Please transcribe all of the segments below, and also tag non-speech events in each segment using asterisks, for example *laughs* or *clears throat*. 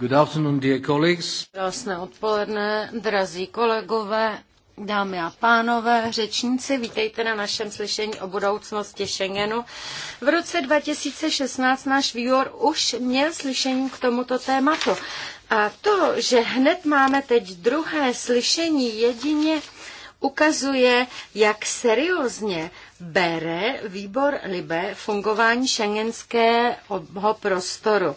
Good afternoon, dear colleagues. Krásné odpoledne, drazí kolegové, dámy a pánové, řečníci, vítejte na našem slyšení o budoucnosti Schengenu. V roce 2016 náš výbor už měl slyšení k tomuto tématu. A to, že hned máme teď druhé slyšení, jedině ukazuje, jak seriózně bere výbor Libe fungování šengenského prostoru.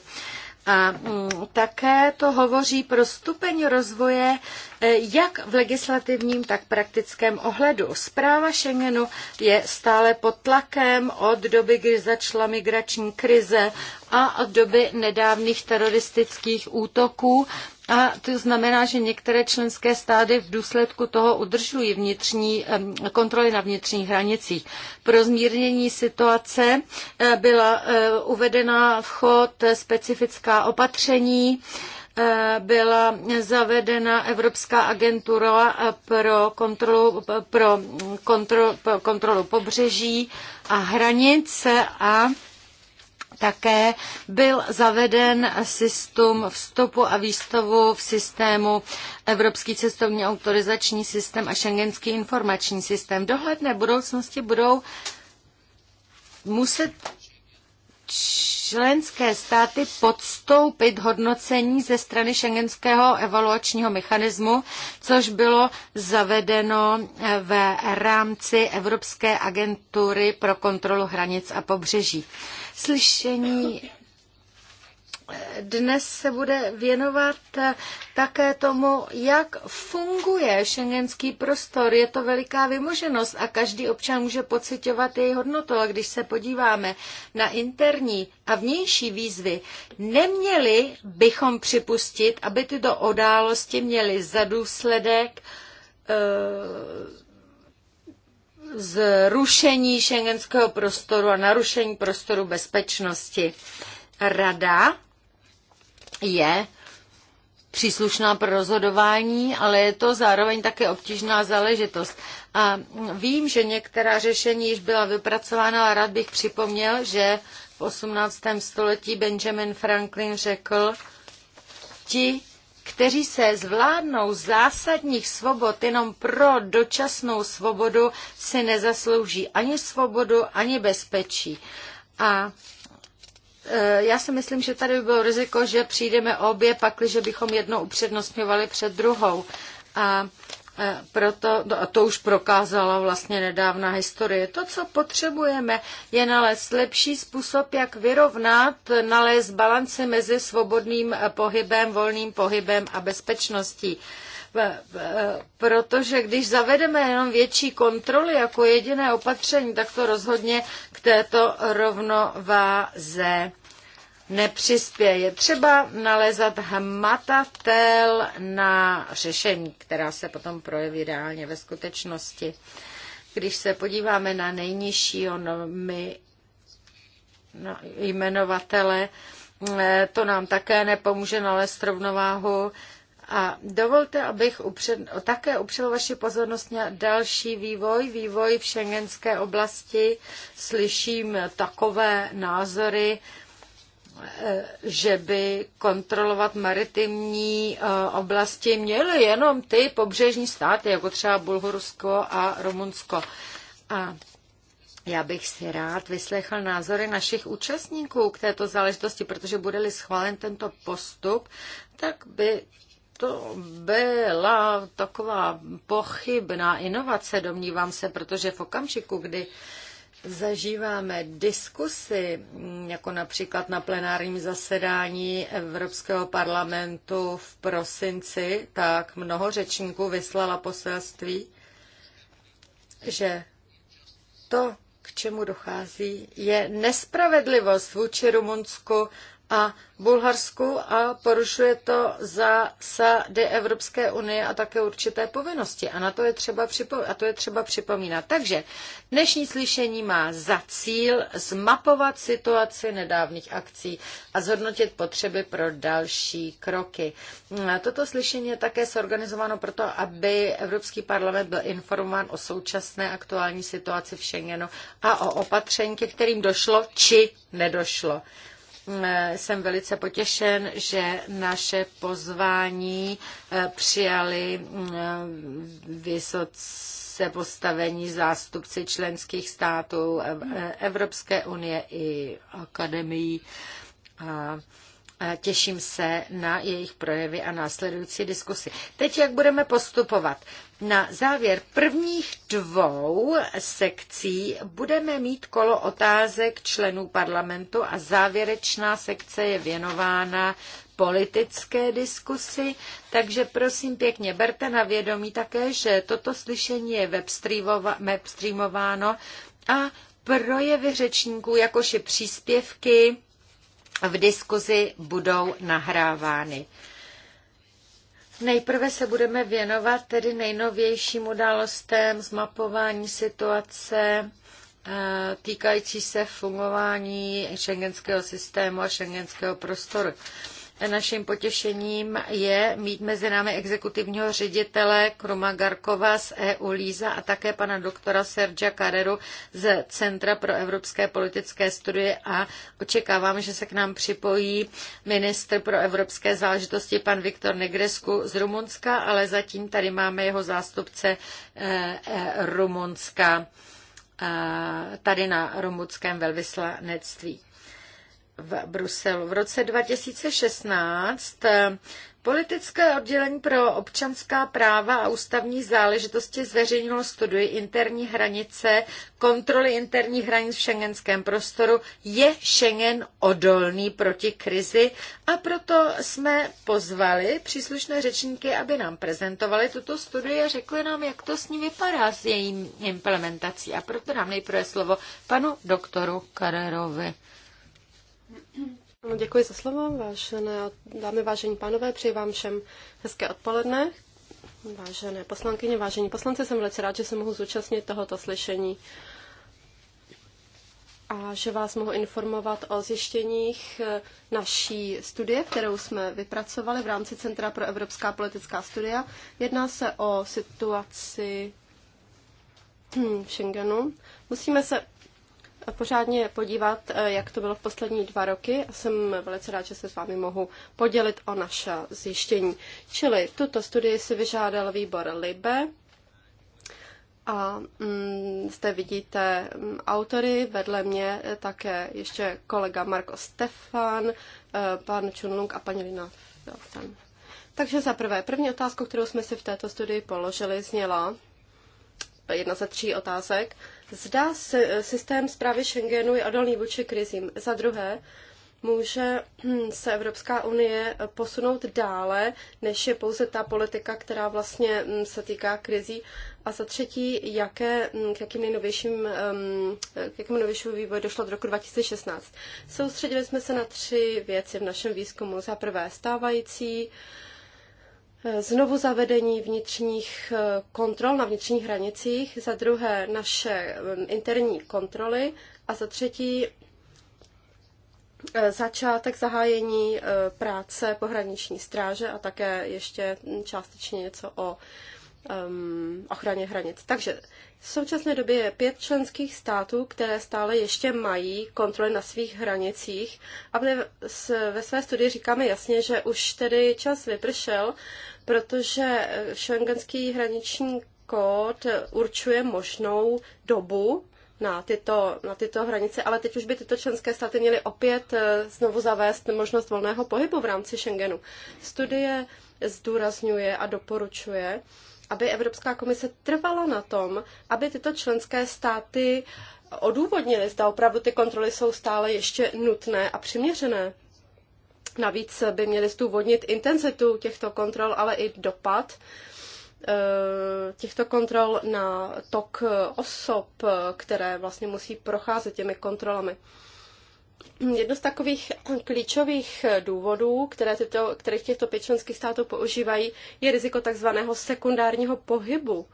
A mm, také to hovoří pro stupeň rozvoje e, jak v legislativním, tak praktickém ohledu. Zpráva Schengenu je stále pod tlakem od doby, kdy začala migrační krize a od doby nedávných teroristických útoků a to znamená, že některé členské stády v důsledku toho udržují vnitřní kontroly na vnitřních hranicích. Pro zmírnění situace eh, byla eh, uvedena vchod specifická opatření, eh, byla zavedena Evropská agentura pro kontrolu, pro kontrolu, pro kontrolu pobřeží a hranice a také byl zaveden systém vstupu a výstavu v systému Evropský cestovní autorizační systém a Schengenský informační systém. V dohledné budoucnosti budou muset členské státy podstoupit hodnocení ze strany šengenského evaluačního mechanismu, což bylo zavedeno v rámci Evropské agentury pro kontrolu hranic a pobřeží slyšení dnes se bude věnovat také tomu, jak funguje šengenský prostor. Je to veliká vymoženost a každý občan může pocitovat její hodnotu. A když se podíváme na interní a vnější výzvy, neměli bychom připustit, aby tyto odálosti měly za důsledek eh, zrušení šengenského prostoru a narušení prostoru bezpečnosti. Rada je příslušná pro rozhodování, ale je to zároveň také obtížná záležitost. A vím, že některá řešení již byla vypracována, ale rád bych připomněl, že v 18. století Benjamin Franklin řekl, ti, kteří se zvládnou zásadních svobod jenom pro dočasnou svobodu, si nezaslouží ani svobodu, ani bezpečí. A e, já si myslím, že tady by bylo riziko, že přijdeme obě, pakliže bychom jedno upřednostňovali před druhou. A Eh, proto, no a to už prokázala vlastně nedávná historie. To, co potřebujeme, je nalézt lepší způsob, jak vyrovnat, nalézt balance mezi svobodným eh, pohybem, volným pohybem a bezpečností eh, protože když zavedeme jenom větší kontroly jako jediné opatření, tak to rozhodně k této rovnováze nepřispěje. Třeba nalezat hmatatel na řešení, která se potom projeví reálně ve skutečnosti. Když se podíváme na nejnižší, my, no, jmenovatele, eh, to nám také nepomůže nalézt rovnováhu. A dovolte, abych upřed, také upřel vaši pozornost na další vývoj, vývoj v šengenské oblasti. Slyším takové názory, že by kontrolovat maritimní eh, oblasti měly jenom ty pobřežní státy, jako třeba Bulhorsko a Rumunsko. A já bych si rád vyslechl názory našich účastníků k této záležitosti, protože bude-li schválen tento postup, tak by to byla taková pochybná inovace, domnívám se, protože v okamžiku, kdy uh, zažíváme diskusy, jako například na plenárním zasedání Evropského parlamentu v prosinci, tak mnoho řečníků vyslala poselství, že to, k čemu dochází, je nespravedlivost vůči Rumunsku a Bulharsku a porušuje to zásady Evropské unie a také určité povinnosti. A, na to je třeba připo- a to je třeba připomínat. Takže dnešní slyšení má za cíl zmapovat situaci nedávných akcí a zhodnotit potřeby pro další kroky. Toto slyšení je také zorganizováno proto, aby Evropský parlament byl informován o současné aktuální situaci v Schengenu a o opatření, ke kterým došlo či nedošlo. Mm, jsem velice potěšen, že naše pozvání eh, přijali mm, vysoce postavení zástupci členských států Evropské unie i akademií. A Těším se na jejich projevy a následující diskusy. Teď, jak budeme postupovat? Na závěr prvních dvou sekcí budeme mít kolo otázek členů parlamentu a závěrečná sekce je věnována politické diskusy, takže prosím pěkně, berte na vědomí také, že toto slyšení je webstreamováno a projevy řečníků, jakož i příspěvky v diskuzi budou nahrávány. Nejprve se budeme věnovat tedy nejnovějším událostem, zmapování situace eh, týkající se fungování šengenského systému a šengenského prostoru. Naším potěšením je mít mezi námi exekutivního ředitele Kroma Garkova z EU Líza a také pana doktora Sergia Carreru z Centra pro evropské politické studie a očekávám, že se k nám připojí ministr pro evropské záležitosti pan Viktor Negresku z Rumunska, ale zatím tady máme jeho zástupce eh, Rumunska eh, tady na rumunském velvyslanectví v Bruselu. V roce 2016 eh, Politické oddělení pro občanská práva a ústavní záležitosti zveřejnilo studii interní hranice, kontroly interních hranic v šengenském prostoru. Je Schengen odolný proti krizi? A proto jsme pozvali příslušné řečníky, aby nám prezentovali tuto studii a řekli nám, jak to s ní vypadá s její implementací. A proto nám nejprve slovo panu doktoru Karerovi. No, děkuji za slovo, vážené dámy, vážení pánové, přeji vám všem hezké odpoledne. Vážené poslankyně, vážení poslanci, jsem velice rád, že se mohu zúčastnit tohoto slyšení a že vás mohu informovat o zjištěních eh, naší studie, kterou jsme vypracovali v rámci Centra pro evropská politická studia. Jedná se o situaci v Schengenu. Musíme se pořádně podívat, eh, jak to bylo v poslední dva roky a jsem velice rád, že se s vámi mohu podělit o naše zjištění. Čili tuto studii si vyžádal výbor LIBE a mm, zde vidíte mm, autory, vedle mě eh, také ještě kolega Marko Stefan, eh, pan Chunlung a paní Lina Takže za prvé, první otázku, kterou jsme si v této studii položili, zněla jedna ze tří otázek. Zda eh, systém zprávy Schengenu je odolný vůči krizím. Za druhé, může hm, se Evropská unie eh, posunout dále, než je pouze ta politika, která vlastně hm, se týká krizí. A za třetí, jaké, hm, k jakým nejnovějším, ehm, eh, k jakému novějšímu vývoji došlo od roku 2016. Soustředili jsme se na tři věci v našem výzkumu. Za prvé, stávající znovu zavedení vnitřních eh, kontrol na vnitřních hranicích, za druhé naše eh, interní kontroly a za třetí eh, začátek zahájení práce pohraniční stráže a také ještě hm, částečně něco o um, ochraně hranic. Takže v současné době je pět členských států, které stále ještě mají kontroly na svých hranicích. A ve své studii říkáme jasně, že už tedy čas vypršel, protože eh, šengenský hraniční kód určuje možnou dobu na tyto, na tyto hranice, ale teď už by tyto členské státy měly opět eh, znovu zavést možnost volného pohybu v rámci Schengenu. Studie zdůrazňuje a doporučuje, aby Evropská komise trvala na tom, aby tyto členské státy odůvodnily, zda opravdu ty kontroly jsou stále ještě nutné a přiměřené. Navíc by měly zdůvodnit intenzitu těchto kontrol, ale i dopad eh, těchto kontrol na tok osob, které vlastně musí procházet těmi kontrolami. Jedno z takových klíčových důvodů, které tyto, kterých těchto pět členských států používají, je riziko takzvaného sekundárního pohybu.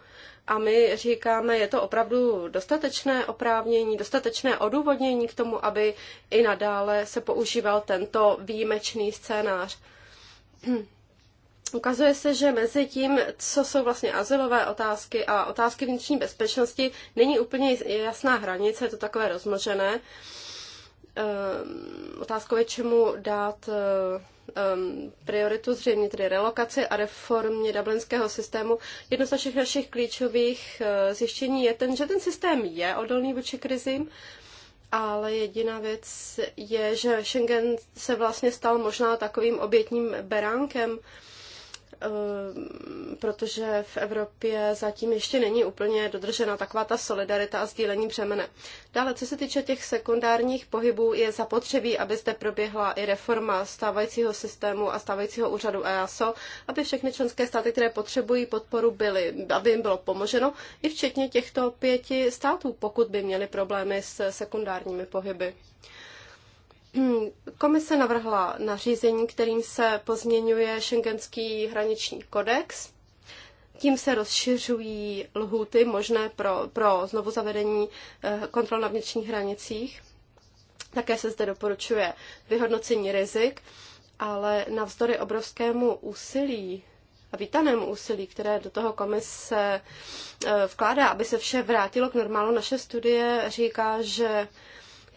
A my říkáme, je to opravdu dostatečné oprávnění, dostatečné odůvodnění k tomu, aby i nadále se používal tento výjimečný scénář. Ukazuje se, že mezi tím, co jsou vlastně azylové otázky a otázky vnitřní bezpečnosti, není úplně jasná hranice, je to takové rozmožené. Ehm, otázkou je, čemu dát um, prioritu, zřejmě tedy relokaci a reformě dublinského systému. Jedno z našich našich klíčových uh, zjištění je ten, že ten systém je odolný vůči krizím, ale jediná věc je, že Schengen se vlastně stal možná takovým obětním beránkem. Uh, Ehm, protože v Evropě zatím ještě není úplně dodržena taková ta solidarita a sdílení břemene. Dále, co se týče těch sekundárních pohybů, je zapotřebí, aby zde proběhla i reforma stávajícího systému a stávajícího úřadu EASO, aby všechny členské státy, které potřebují podporu, byly, aby jim bylo pomoženo, i včetně těchto pěti států, pokud by měly problémy s sekundárními pohyby. Hmm, komise navrhla nařízení, kterým se pozměňuje šengenský hraniční kodex. Tím se rozšiřují lhuty možné pro, pro znovu zavedení eh, kontrol na vnitřních hranicích. Také se zde doporučuje vyhodnocení rizik, ale navzdory obrovskému úsilí a vítanému úsilí, které do toho komise eh, vkládá, aby se vše vrátilo k normálu, naše studie říká, že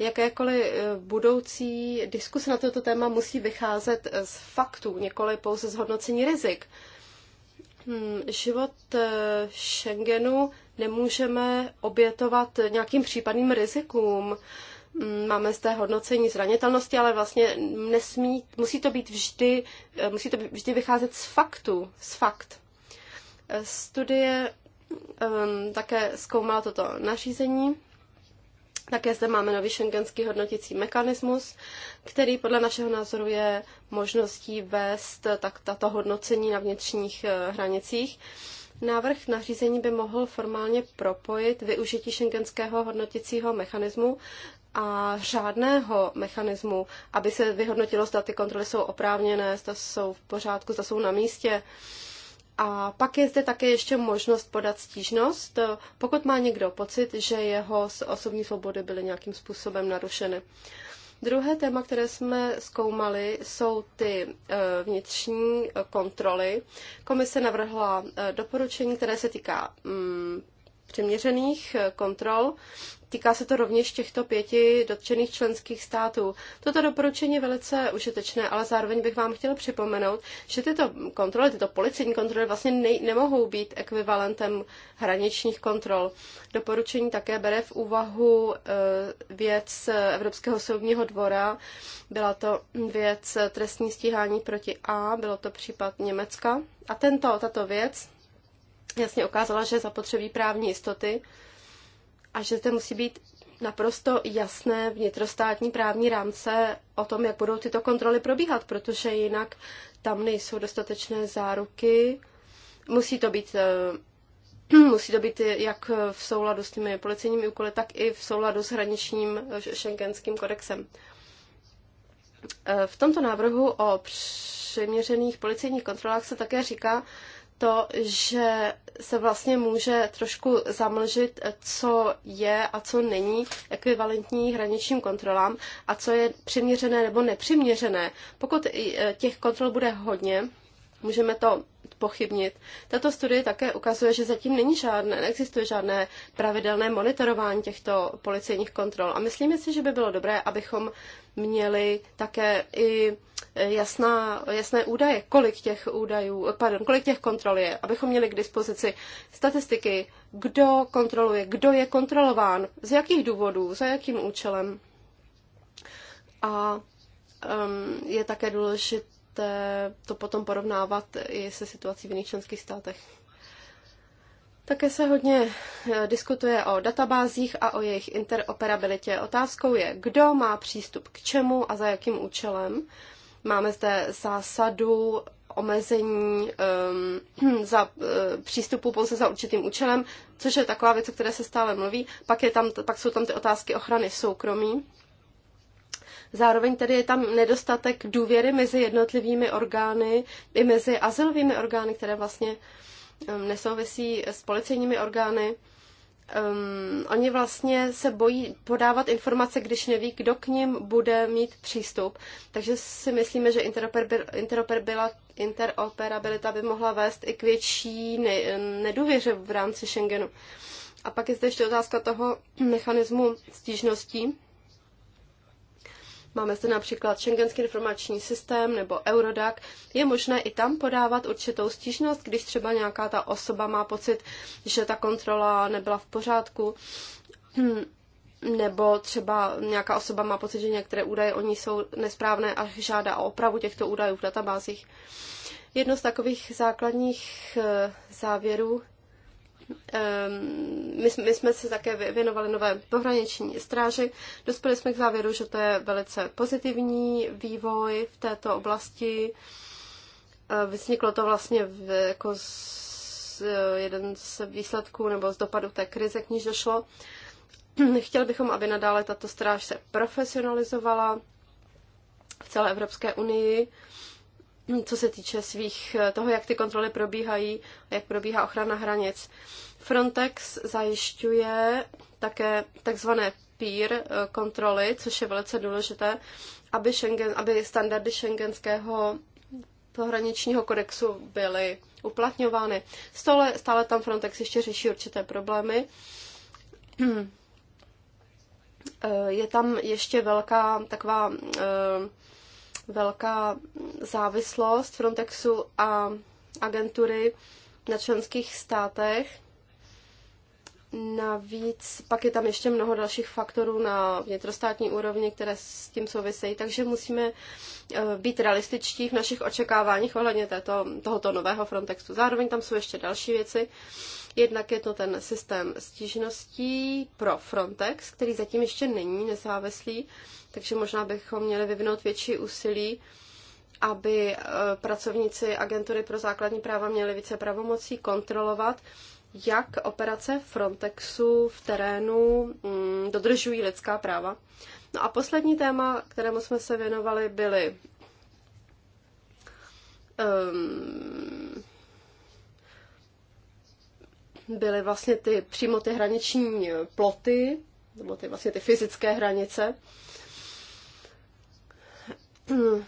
jakékoliv eh, budoucí diskuse na toto téma musí vycházet eh, z faktů, nikoli pouze z hodnocení rizik. Hmm, život eh, Schengenu nemůžeme obětovat nějakým případným rizikům. Hmm, máme zde hodnocení zranitelnosti, ale vlastně nesmí, musí to být vždy, musí to být vždy vycházet z faktu, z fakt. Studie um, také zkoumala toto nařízení také zde máme nový šengenský hodnotící mechanismus, který podle našeho názoru je možností vést eh, tak tato hodnocení na vnitřních eh, hranicích. Návrh nařízení by mohl formálně propojit využití šengenského hodnoticího mechanismu a řádného mechanismu, aby se vyhodnotilo, zda ty kontroly jsou oprávněné, zda jsou v pořádku, zda jsou na místě. Uh, a pak je zde také ještě možnost podat stížnost, eh, pokud má někdo pocit, že jeho osobní svobody byly nějakým způsobem narušeny. Druhé téma, které jsme zkoumali, jsou ty eh, vnitřní eh, kontroly. Komise navrhla doporučení, které se týká mm, přiměřených kontrol týká se to rovněž těchto pěti dotčených členských států. Toto doporučení je velice užitečné, ale zároveň bych vám chtěla připomenout, že tyto kontroly, tyto policejní kontroly vlastně ne- nemohou být ekvivalentem hraničních kontrol. Doporučení také bere v úvahu eh, věc Evropského soudního dvora. Byla to věc trestní stíhání proti A, bylo to případ Německa. A tento, tato věc jasně ukázala, že zapotřebí právní jistoty, a že zde musí být naprosto jasné vnitrostátní právní rámce o tom, jak budou tyto kontroly probíhat, protože jinak tam nejsou dostatečné záruky. Musí to být eh, *clears throat* musí to být jak v souladu s těmi policejními úkoly, tak i v souladu s hraničním eh, šengenským kodexem. Eh, v tomto návrhu o přiměřených policejních kontrolách se také říká, to, že se vlastně může trošku zamlžit, co je a co není ekvivalentní hraničním kontrolám a co je přiměřené nebo nepřiměřené. Pokud e, těch kontrol bude hodně, můžeme to pochybnit. Tato studie také ukazuje, že zatím není žádné, neexistuje žádné pravidelné monitorování těchto policejních kontrol. A myslíme si, že by bylo dobré, abychom měli také i e, jasná, jasné údaje, kolik těch údajů, pardon, kolik těch kontrol je, abychom měli k dispozici statistiky, kdo kontroluje, kdo je kontrolován, z jakých důvodů, za jakým účelem. A um, je také důležité, můžete to potom porovnávat i se situací v jiných členských státech. Také se hodně eh, diskutuje o databázích a o jejich interoperabilitě. Otázkou je, kdo má přístup k čemu a za jakým účelem. Máme zde zásadu omezení um, *clears throat* za, uh, přístupu pouze za určitým účelem, což je taková věc, o které se stále mluví. Pak, je tam, pak jsou tam ty otázky ochrany soukromí. Zároveň tedy je tam nedostatek důvěry mezi jednotlivými orgány i mezi azylovými orgány, které vlastně um, nesouvisí s policejními orgány. Um, oni vlastně se bojí podávat informace, když neví, kdo k ním bude mít přístup. Takže si myslíme, že interoperabil, interoperabilita by mohla vést i k větší ne, nedůvěře v rámci Schengenu. A pak je zde ještě otázka toho mechanismu stížností. Máme zde například Schengenský informační systém nebo Eurodac. Je možné i tam podávat určitou stížnost, když třeba nějaká ta osoba má pocit, že ta kontrola nebyla v pořádku. Hmm, nebo třeba nějaká osoba má pocit, že některé údaje o ní jsou nesprávné a žádá o opravu těchto údajů v databázích. Jedno z takových základních eh, závěrů Ehm, my, my jsme se také věnovali nové pohraniční stráži. Dospěli jsme k závěru, že to je velice pozitivní vývoj v této oblasti. Ehm, vzniklo to vlastně v, jako z, eh, jeden z výsledků nebo z dopadu té krize, k níž došlo. *clears throat* Chtěli bychom, aby nadále tato stráž se profesionalizovala v celé Evropské unii co se týče svých, eh, toho, jak ty kontroly probíhají jak probíhá ochrana hranic. Frontex zajišťuje také takzvané peer eh, kontroly, což je velice důležité, aby, Schengen, aby standardy šengenského pohraničního kodexu byly uplatňovány. Stále, stále tam Frontex ještě řeší určité problémy. *clears throat* Eh, je tam ještě velká taková velká závislost Frontexu a agentury na členských státech. Navíc pak je tam ještě mnoho dalších faktorů na vnitrostátní úrovni, které s tím souvisejí, takže musíme eh, být realističtí v našich očekáváních ohledně této, tohoto nového Frontexu. Zároveň tam jsou ještě další věci, Jednak je to ten systém stížností pro Frontex, který zatím ještě není nezávislý, takže možná bychom měli vyvinout větší úsilí, aby e, pracovníci agentury pro základní práva měli více pravomocí kontrolovat, jak operace Frontexu v terénu mm, dodržují lidská práva. No a poslední téma, kterému jsme se věnovali, byly um, byly vlastně ty, přímo ty hraniční eh, ploty, nebo ty vlastně ty fyzické hranice. Eh,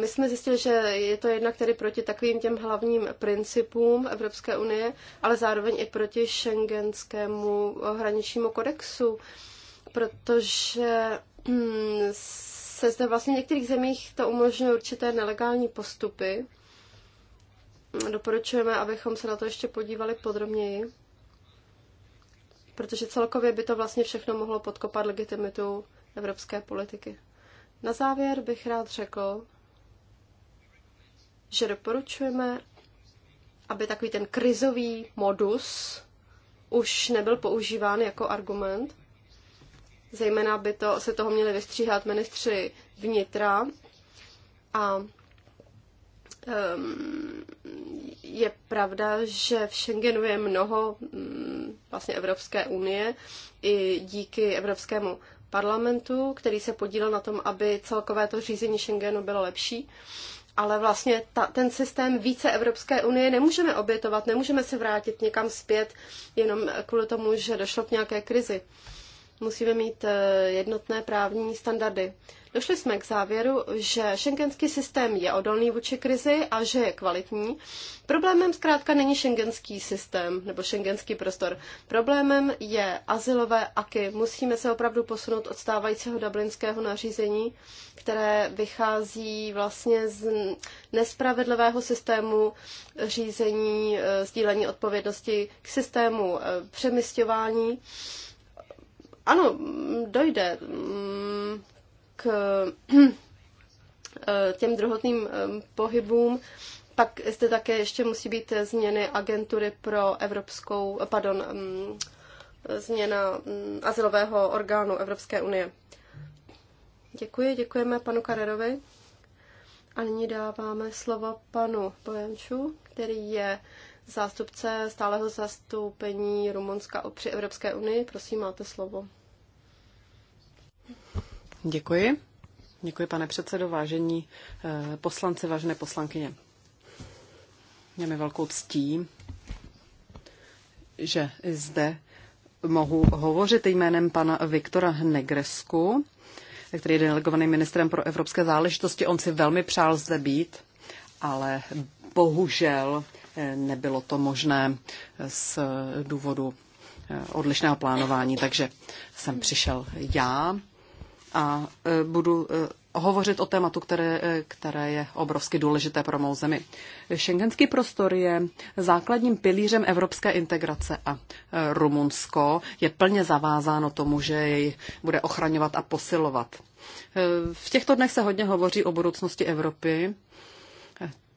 my jsme zjistili, že je to jednak tedy proti takovým těm hlavním principům Evropské unie, ale zároveň i proti šengenskému hraničnímu kodexu, protože hm, se zde vlastně v některých zemích to umožňuje určité nelegální postupy, doporučujeme, abychom se na to ještě podívali podrobněji, protože celkově by to vlastně všechno mohlo podkopat legitimitu evropské politiky. Na závěr bych rád řekl, že doporučujeme, aby takový ten krizový modus už nebyl používán jako argument. Zejména by to, se toho měli vystříhat ministři vnitra a Ehm, je pravda, že v Schengenu je mnoho mm, vlastně Evropské unie i díky Evropskému parlamentu, který se podílel na tom, aby celkové to řízení Schengenu bylo lepší. Ale vlastně ta, ten systém více Evropské unie nemůžeme obětovat, nemůžeme se vrátit někam zpět jenom kvůli tomu, že došlo k nějaké krizi musíme mít eh, jednotné právní standardy. Došli jsme k závěru, že šengenský systém je odolný vůči krizi a že je kvalitní. Problémem zkrátka není šengenský systém nebo šengenský prostor. Problémem je asilové aky. Musíme se opravdu posunout od stávajícího dublinského nařízení, které vychází vlastně z nespravedlivého systému řízení, eh, sdílení odpovědnosti k systému eh, přemysťování ano, mm, dojde mm, k *clears throat* eh, těm druhotným eh, pohybům. Pak zde také ještě musí být změny agentury pro evropskou, eh, pardon, mm, změna asilového orgánu Evropské unie. Děkuji, děkujeme panu Karerovi. A nyní dáváme slovo panu Bojanču, který je zástupce stáleho zastoupení Rumunska při Evropské unii. Prosím, máte slovo. Děkuji. Děkuji, pane předsedo, vážení eh, poslanci, vážené poslankyně. Je mi velkou ctí, že zde mohu hovořit jménem pana Viktora Negresku, který je delegovaný ministrem pro evropské záležitosti. On si velmi přál zde být, ale bohužel Nebylo to možné z důvodu eh, odlišného plánování, takže jsem přišel já a eh, budu eh, hovořit o tématu, které, které je obrovsky důležité pro mou zemi. Schengenský prostor je základním pilířem evropské integrace a Rumunsko je plně zavázáno tomu, že jej bude ochraňovat a posilovat. V těchto dnech se hodně hovoří o budoucnosti Evropy.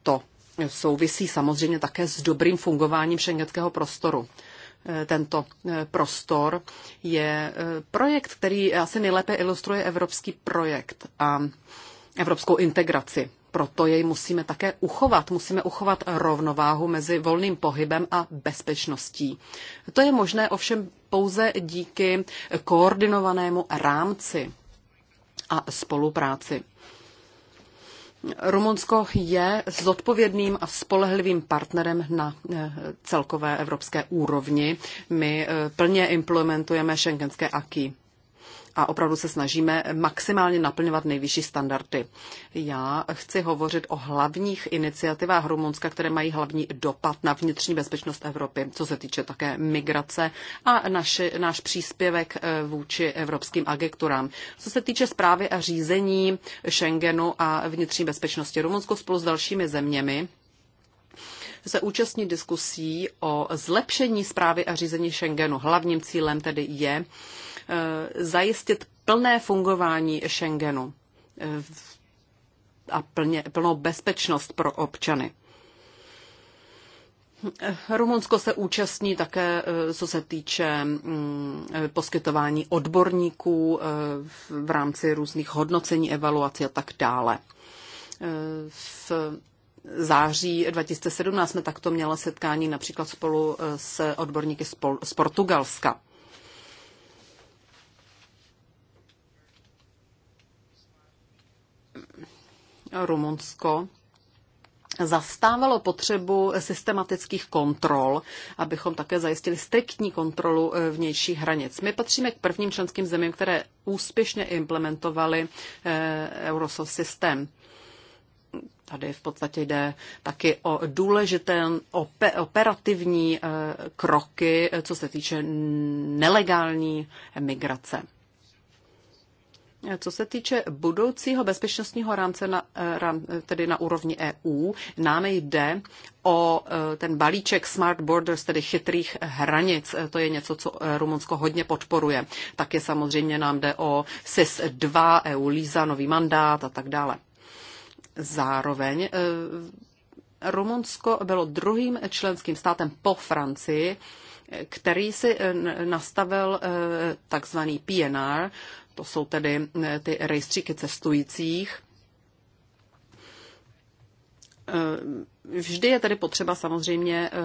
To souvisí samozřejmě také s dobrým fungováním šengenského prostoru. E, tento e, prostor je e, projekt, který asi nejlépe ilustruje evropský projekt a evropskou integraci. Proto jej musíme také uchovat. Musíme uchovat rovnováhu mezi volným pohybem a bezpečností. To je možné ovšem pouze díky koordinovanému rámci a spolupráci. Rumunsko je zodpovědným a spolehlivým partnerem na eh, celkové evropské úrovni. My eh, plně implementujeme šengenské aky a opravdu se snažíme maximálně naplňovat nejvyšší standardy. Já chci hovořit o hlavních iniciativách Rumunska, které mají hlavní dopad na vnitřní bezpečnost Evropy, co se týče také migrace a naši, náš příspěvek eh, vůči evropským agenturám. Co se týče zprávy a řízení Schengenu a vnitřní bezpečnosti Rumunsko spolu s dalšími zeměmi, se účastní diskusí o zlepšení zprávy a řízení Schengenu. Hlavním cílem tedy je Eh, zajistit plné fungování Schengenu eh, a plně, plnou bezpečnost pro občany. Eh, Rumunsko se účastní také, co se týče mm, poskytování odborníků v rámci různých hodnocení, evaluací a tak dále. V září 2017 jsme takto měla setkání například spolu s odborníky z Portugalska. Rumunsko zastávalo potřebu systematických kontrol, abychom také zajistili striktní kontrolu eh, vnějších hranic. My patříme k prvním členským zemím, které úspěšně implementovaly eh, Eurosoft systém. Tady v podstatě jde taky o důležité operativní eh, kroky, co se týče nelegální migrace. Co se týče budoucího bezpečnostního rámce, na, eh, tedy na úrovni EU, nám jde o eh, ten balíček Smart Borders, tedy chytrých hranic. Eh, to je něco, co Rumunsko hodně podporuje. Také samozřejmě nám jde o SIS-2, EU LISA, nový mandát a tak dále. Zároveň Rumunsko bylo druhým členským státem po Francii, který si nastavil takzvaný PNR, to jsou tedy eh, ty rejstříky cestujících. Eh, vždy je tedy potřeba samozřejmě eh,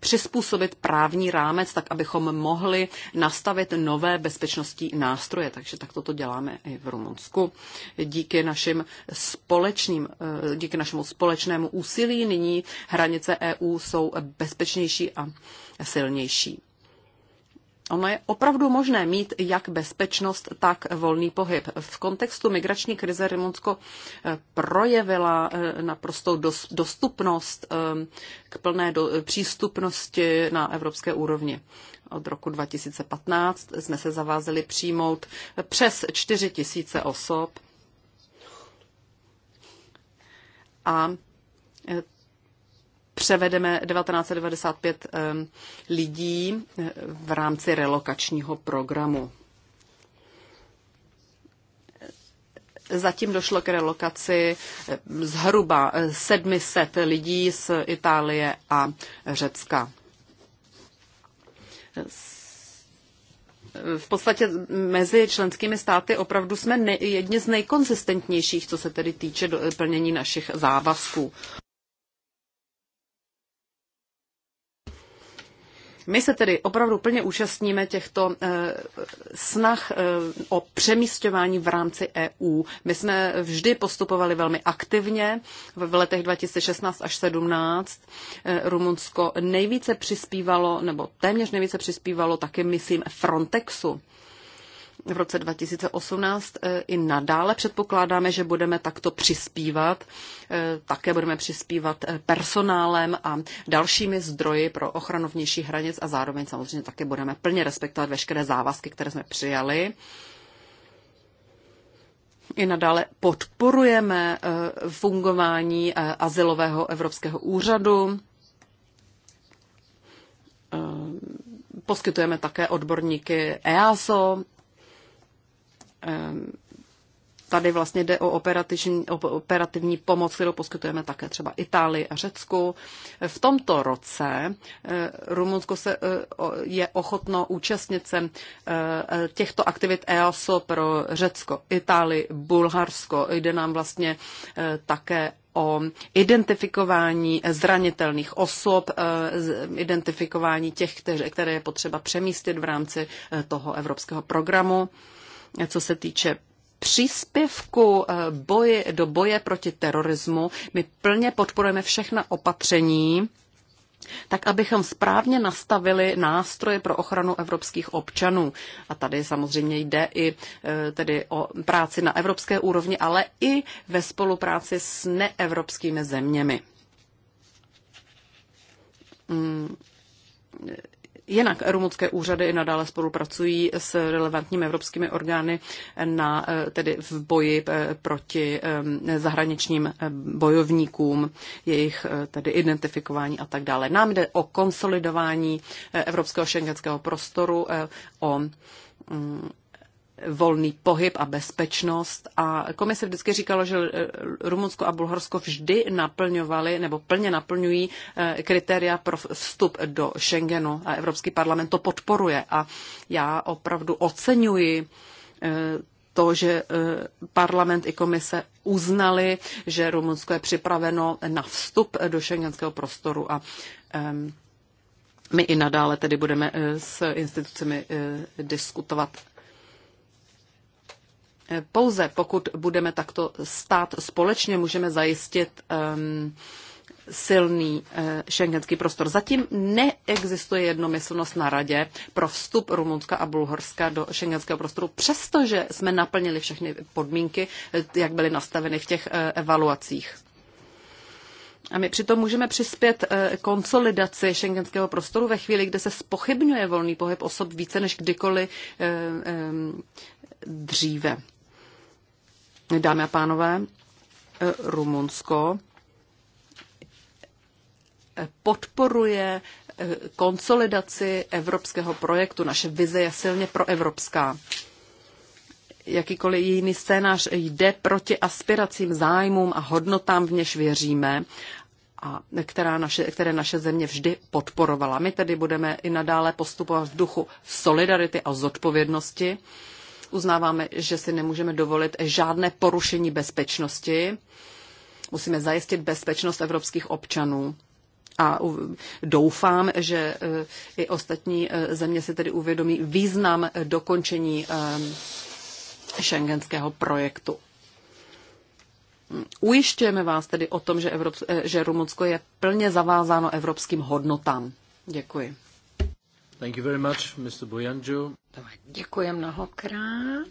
přizpůsobit právní rámec, tak abychom mohli nastavit nové bezpečnostní nástroje. Takže tak toto děláme i v Rumunsku. Díky, našim společným, díky našemu společnému úsilí nyní hranice EU jsou bezpečnější a silnější. Ono je opravdu možné mít jak bezpečnost, tak volný pohyb. V kontextu migrační krize Rimonsko eh, projevila eh, naprostou dostupnost eh, k plné přístupnosti na evropské úrovni. Od roku 2015 jsme se zavázeli přijmout přes 4 tisíce osob a převedeme 1995 ehm, lidí eh, v rámci relokačního programu. Zatím došlo k relokaci ehm, zhruba 700 eh, lidí z Itálie a Řecka. V podstatě mezi členskými státy opravdu jsme jedni z nejkonzistentnějších, co se tedy týče plnění našich závazků. My se tedy opravdu plně účastníme těchto eh, snah eh, o přemístování v rámci EU. My jsme vždy postupovali velmi aktivně v letech 2016 až 17. Eh, Rumunsko nejvíce přispívalo, nebo téměř nejvíce přispívalo taky, myslím, Frontexu v roce 2018 eh, i nadále předpokládáme, že budeme takto přispívat. Eh, také budeme přispívat eh, personálem a dalšími zdroji pro ochranu vnějších hranic a zároveň samozřejmě také budeme plně respektovat veškeré závazky, které jsme přijali. I nadále podporujeme fungování asilového evropského úřadu poskytujeme také odborníky EASO Ehm, tady vlastně jde o operativní, o operativní pomoc, kterou poskytujeme také třeba Itálii a Řecku. V tomto roce eh, Rumunsko se, eh, je ochotno účastnit se eh, těchto aktivit EASO pro Řecko, Itálii, Bulharsko. Jde nám vlastně také o identifikování zranitelných osob, identifikování těch, které je potřeba přemístit v rámci toho evropského programu co se týče příspěvku eh, boji, do boje proti terorismu. My plně podporujeme všechna opatření, tak abychom správně nastavili nástroje pro ochranu evropských občanů. A tady samozřejmě jde i eh, tedy o práci na evropské úrovni, ale i ve spolupráci s neevropskými zeměmi hmm. Jinak rumunské úřady i nadále spolupracují s relevantními evropskými orgány na, eh, tedy v boji eh, proti eh, zahraničním bojovníkům, jejich tedy identifikování a tak dále. Nám jde o konsolidování evropského šengenského prostoru, o mm, volný pohyb a bezpečnost. A komise vždycky říkalo, že Rumunsko a Bulharsko vždy naplňovali nebo plně naplňují eh, kritéria pro vstup do Schengenu a Evropský parlament to podporuje. A já opravdu oceňuji eh, to, že eh, parlament i komise uznali, že Rumunsko je připraveno na vstup do šengenského prostoru a ehm, my i nadále tedy budeme s institucemi diskutovat pouze pokud budeme takto stát společně, můžeme zajistit um, silný šengenský eh, prostor. Zatím neexistuje jednomyslnost na radě pro vstup Rumunska a Bulhorska do šengenského prostoru, přestože jsme naplnili všechny podmínky, eh, jak byly nastaveny v těch eh, evaluacích. A my přitom můžeme přispět konsolidaci šengenského prostoru ve chvíli, kde se spochybňuje volný pohyb osob více než kdykoliv ehm, dříve. Dámy a pánové, eh, Rumunsko eh, podporuje eh, konsolidaci evropského projektu. Naše vize je silně proevropská. Jakýkoliv jiný scénář jde proti aspiracím, zájmům a hodnotám, v něž věříme a která naše, které naše země vždy podporovala. My tedy budeme i nadále postupovat v duchu solidarity a zodpovědnosti Uznáváme, že si nemůžeme dovolit žádné porušení bezpečnosti. Musíme zajistit bezpečnost evropských občanů. A doufám, že eh, i ostatní eh, země si tedy uvědomí význam dokončení šengenského eh, projektu. Ujišťujeme vás tedy o tom, že, Evrop, že Rumunsko je plně zavázáno evropským hodnotám. Děkuji. Thank you very much, Mr. Boyanjo. Děkuji mnohokrát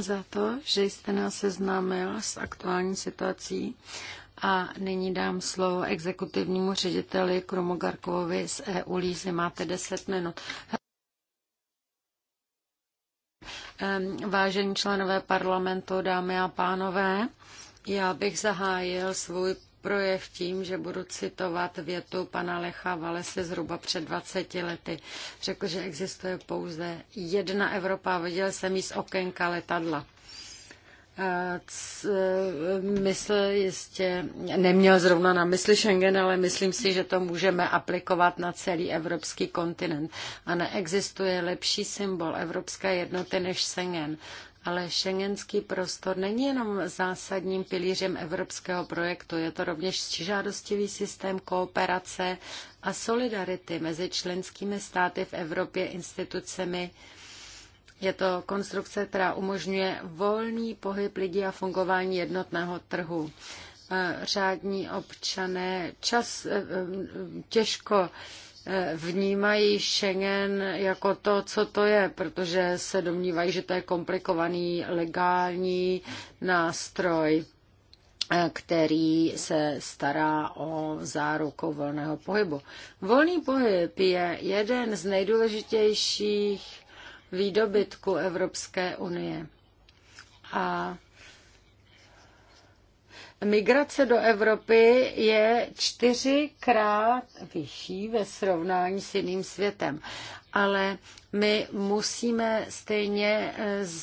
za to, že jste nás seznámil s aktuální situací a nyní dám slovo exekutivnímu řediteli Kromogarkovi z EU Lízy. Máte 10 minut. Ehm, vážení členové parlamentu, dámy a pánové, já bych zahájil svůj projev tím, že budu citovat větu pana Lecha Valese zhruba před 20 lety. Řekl, že existuje pouze jedna Evropa, viděl jsem jí z okénka letadla eh, mysl jistě neměl zrovna na mysli Schengen, ale myslím si, že to můžeme aplikovat na celý evropský kontinent. A neexistuje lepší symbol evropské jednoty než Schengen ale šengenský prostor není jenom zásadním pilířem evropského projektu, je to rovněž žádostivý systém kooperace a solidarity mezi členskými státy v Evropě, institucemi, je to konstrukce, která umožňuje volný pohyb lidí a fungování jednotného trhu. E, řádní občané čas e, e, těžko vnímají Schengen jako to, co to je, protože se domnívají, že to je komplikovaný legální nástroj eh, který se stará o záruku volného pohybu. Volný pohyb je jeden z nejdůležitějších výdobytků Evropské unie. A Migrace do Evropy je čtyřikrát vyšší ve srovnání s jiným světem, ale my musíme stejně z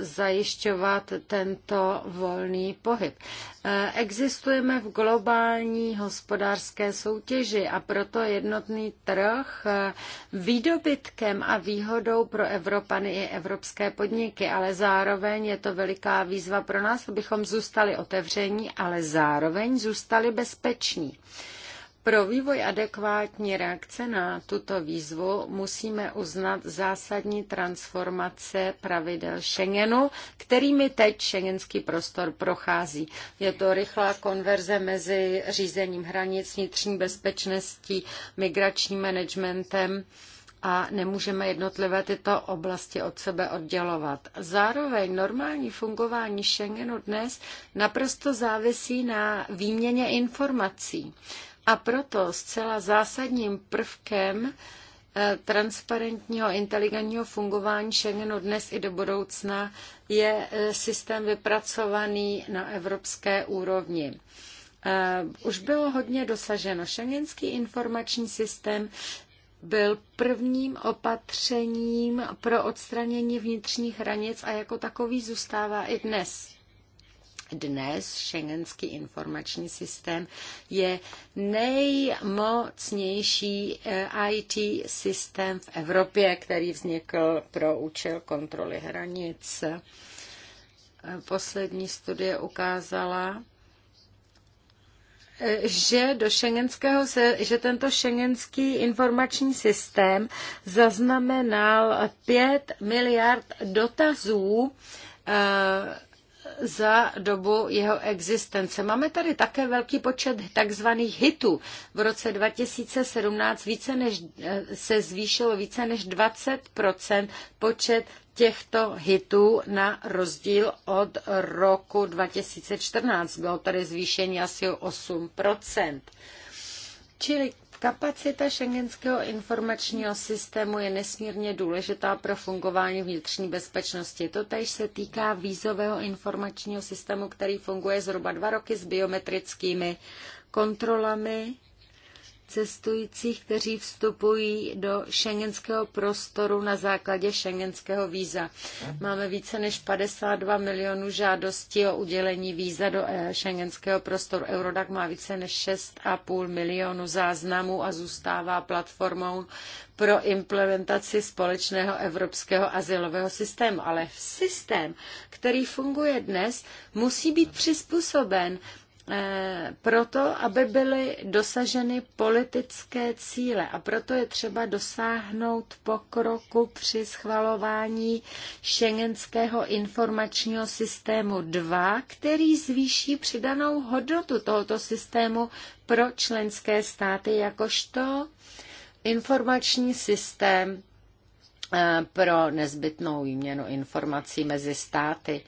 zajišťovat tento volný pohyb. E, existujeme v globální hospodářské soutěži a proto jednotný trh e, výdobytkem a výhodou pro Evropany i evropské podniky, ale zároveň je to veliká výzva pro nás, abychom zůstali otevření, ale zároveň zůstali bezpeční. Pro vývoj adekvátní reakce na tuto výzvu musíme uznat zásadní transformace pravidel Schengenu, kterými teď šengenský prostor prochází. Je to rychlá konverze mezi řízením hranic, vnitřní bezpečností, migračním managementem a nemůžeme jednotlivé tyto oblasti od sebe oddělovat. Zároveň normální fungování Schengenu dnes naprosto závisí na výměně informací. A proto zcela zásadním prvkem eh, transparentního, inteligentního fungování Schengenu dnes i do budoucna je eh, systém vypracovaný na evropské úrovni. Eh, už bylo hodně dosaženo. Schengenský informační systém byl prvním opatřením pro odstranění vnitřních hranic a jako takový zůstává i dnes dnes šengenský informační systém je nejmocnější eh, IT systém v Evropě, který vznikl pro účel kontroly hranic. Eh, poslední studie ukázala, eh, že do šengenského se, že tento šengenský informační systém zaznamenal 5 miliard dotazů za dobu jeho existence. Máme tady také velký počet takzvaných hitů. V roce 2017 více než, eh, se zvýšilo více než 20 počet těchto hitů na rozdíl od roku 2014. Bylo tady zvýšení asi o 8 Čili Kapacita šengenského informačního systému je nesmírně důležitá pro fungování vnitřní bezpečnosti. To se týká vízového informačního systému, který funguje zhruba dva roky s biometrickými kontrolami cestujících, kteří vstupují do šengenského prostoru na základě šengenského víza. Máme více než 52 milionů žádostí o udělení víza do eh, šengenského prostoru. Eurodac má více než 6,5 milionu záznamů a zůstává platformou pro implementaci společného evropského asilového systému. Ale systém, který funguje dnes, musí být přizpůsoben Eh, proto, aby byly dosaženy politické cíle a proto je třeba dosáhnout pokroku při schvalování šengenského informačního systému 2, který zvýší přidanou hodnotu tohoto systému pro členské státy jakožto informační systém eh, pro nezbytnou výměnu informací mezi státy.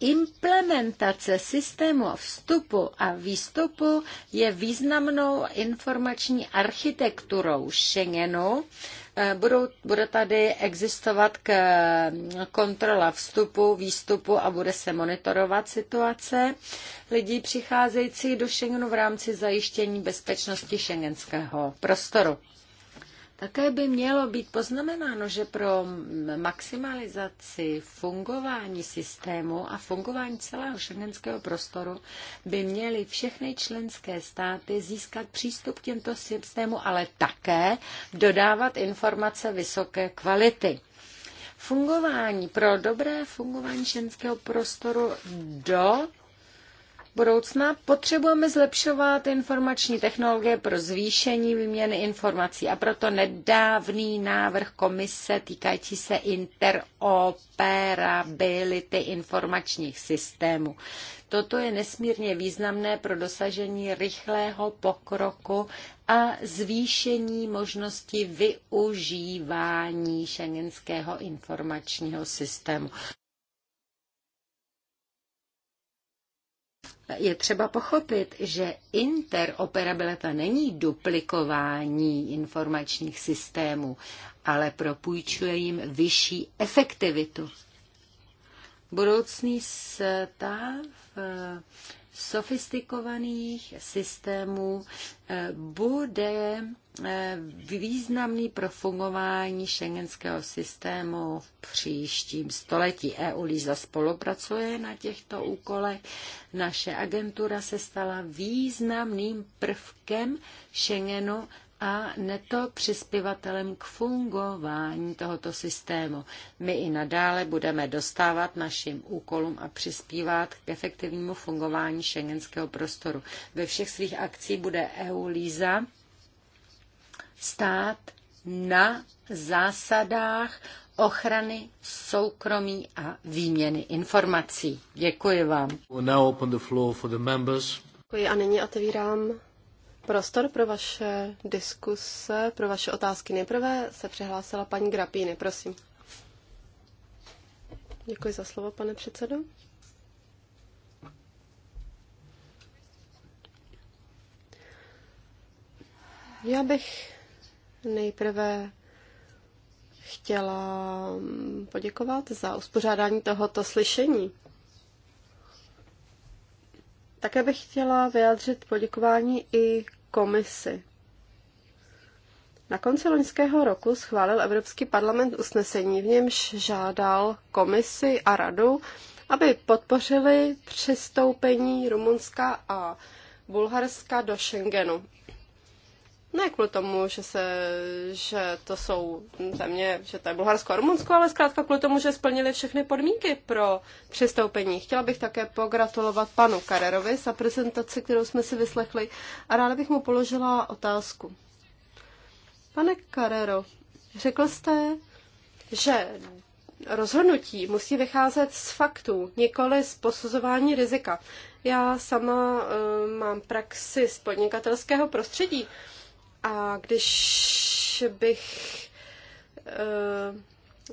Implementace systému vstupu a výstupu je významnou informační architekturou Schengenu. Eh, budou, bude tady existovat k kontrola vstupu, výstupu a bude se monitorovat situace lidí přicházejících do Schengenu v rámci zajištění bezpečnosti šengenského prostoru. Také by mělo být poznamenáno, že pro maximalizaci fungování systému a fungování celého šengenského prostoru by měly všechny členské státy získat přístup k těmto systému, ale také dodávat informace vysoké kvality fungování, pro dobré fungování šengenského prostoru do budoucna potřebujeme zlepšovat informační technologie pro zvýšení výměny informací a proto nedávný návrh komise týkající se interoperability informačních systémů. Toto je nesmírně významné pro dosažení rychlého pokroku a zvýšení možnosti využívání šengenského informačního systému. je třeba pochopit, že interoperabilita není duplikování informačních systémů, ale propůjčuje jim vyšší efektivitu. Budoucný stav sofistikovaných systémů eh, bude eh, významný pro fungování šengenského systému v příštím století. EU Liza spolupracuje na těchto úkolech. Naše agentura se stala významným prvkem Schengenu a neto přispěvatelem k fungování tohoto systému. My i nadále budeme dostávat našim úkolům a přispívat k efektivnímu fungování šengenského prostoru. Ve všech svých akcích bude EU Líza stát na zásadách ochrany soukromí a výměny informací. Děkuji vám. Děkuji a nyní otevírám prostor pro vaše diskuse, pro vaše otázky. Nejprve se přihlásila paní Grapíny, prosím. Děkuji za slovo, pane předsedo. Já bych nejprve chtěla poděkovat za uspořádání tohoto slyšení. Také bych chtěla vyjádřit poděkování i komisi. Na konci loňského roku schválil Evropský parlament usnesení, v němž žádal komisi a radu, aby podpořili přistoupení Rumunska a Bulharska do Schengenu ne kvůli tomu, že, se, že to jsou země, že to je Bulharsko a Rumunsko, ale zkrátka kvůli tomu, že splnili všechny podmínky pro přistoupení. Chtěla bych také pogratulovat panu Karerovi za prezentaci, kterou jsme si vyslechli a ráda bych mu položila otázku. Pane Karero, řekl jste, že rozhodnutí musí vycházet z faktů, nikoli z posuzování rizika. Já sama uh, mám praxi z podnikatelského prostředí a když bych eh,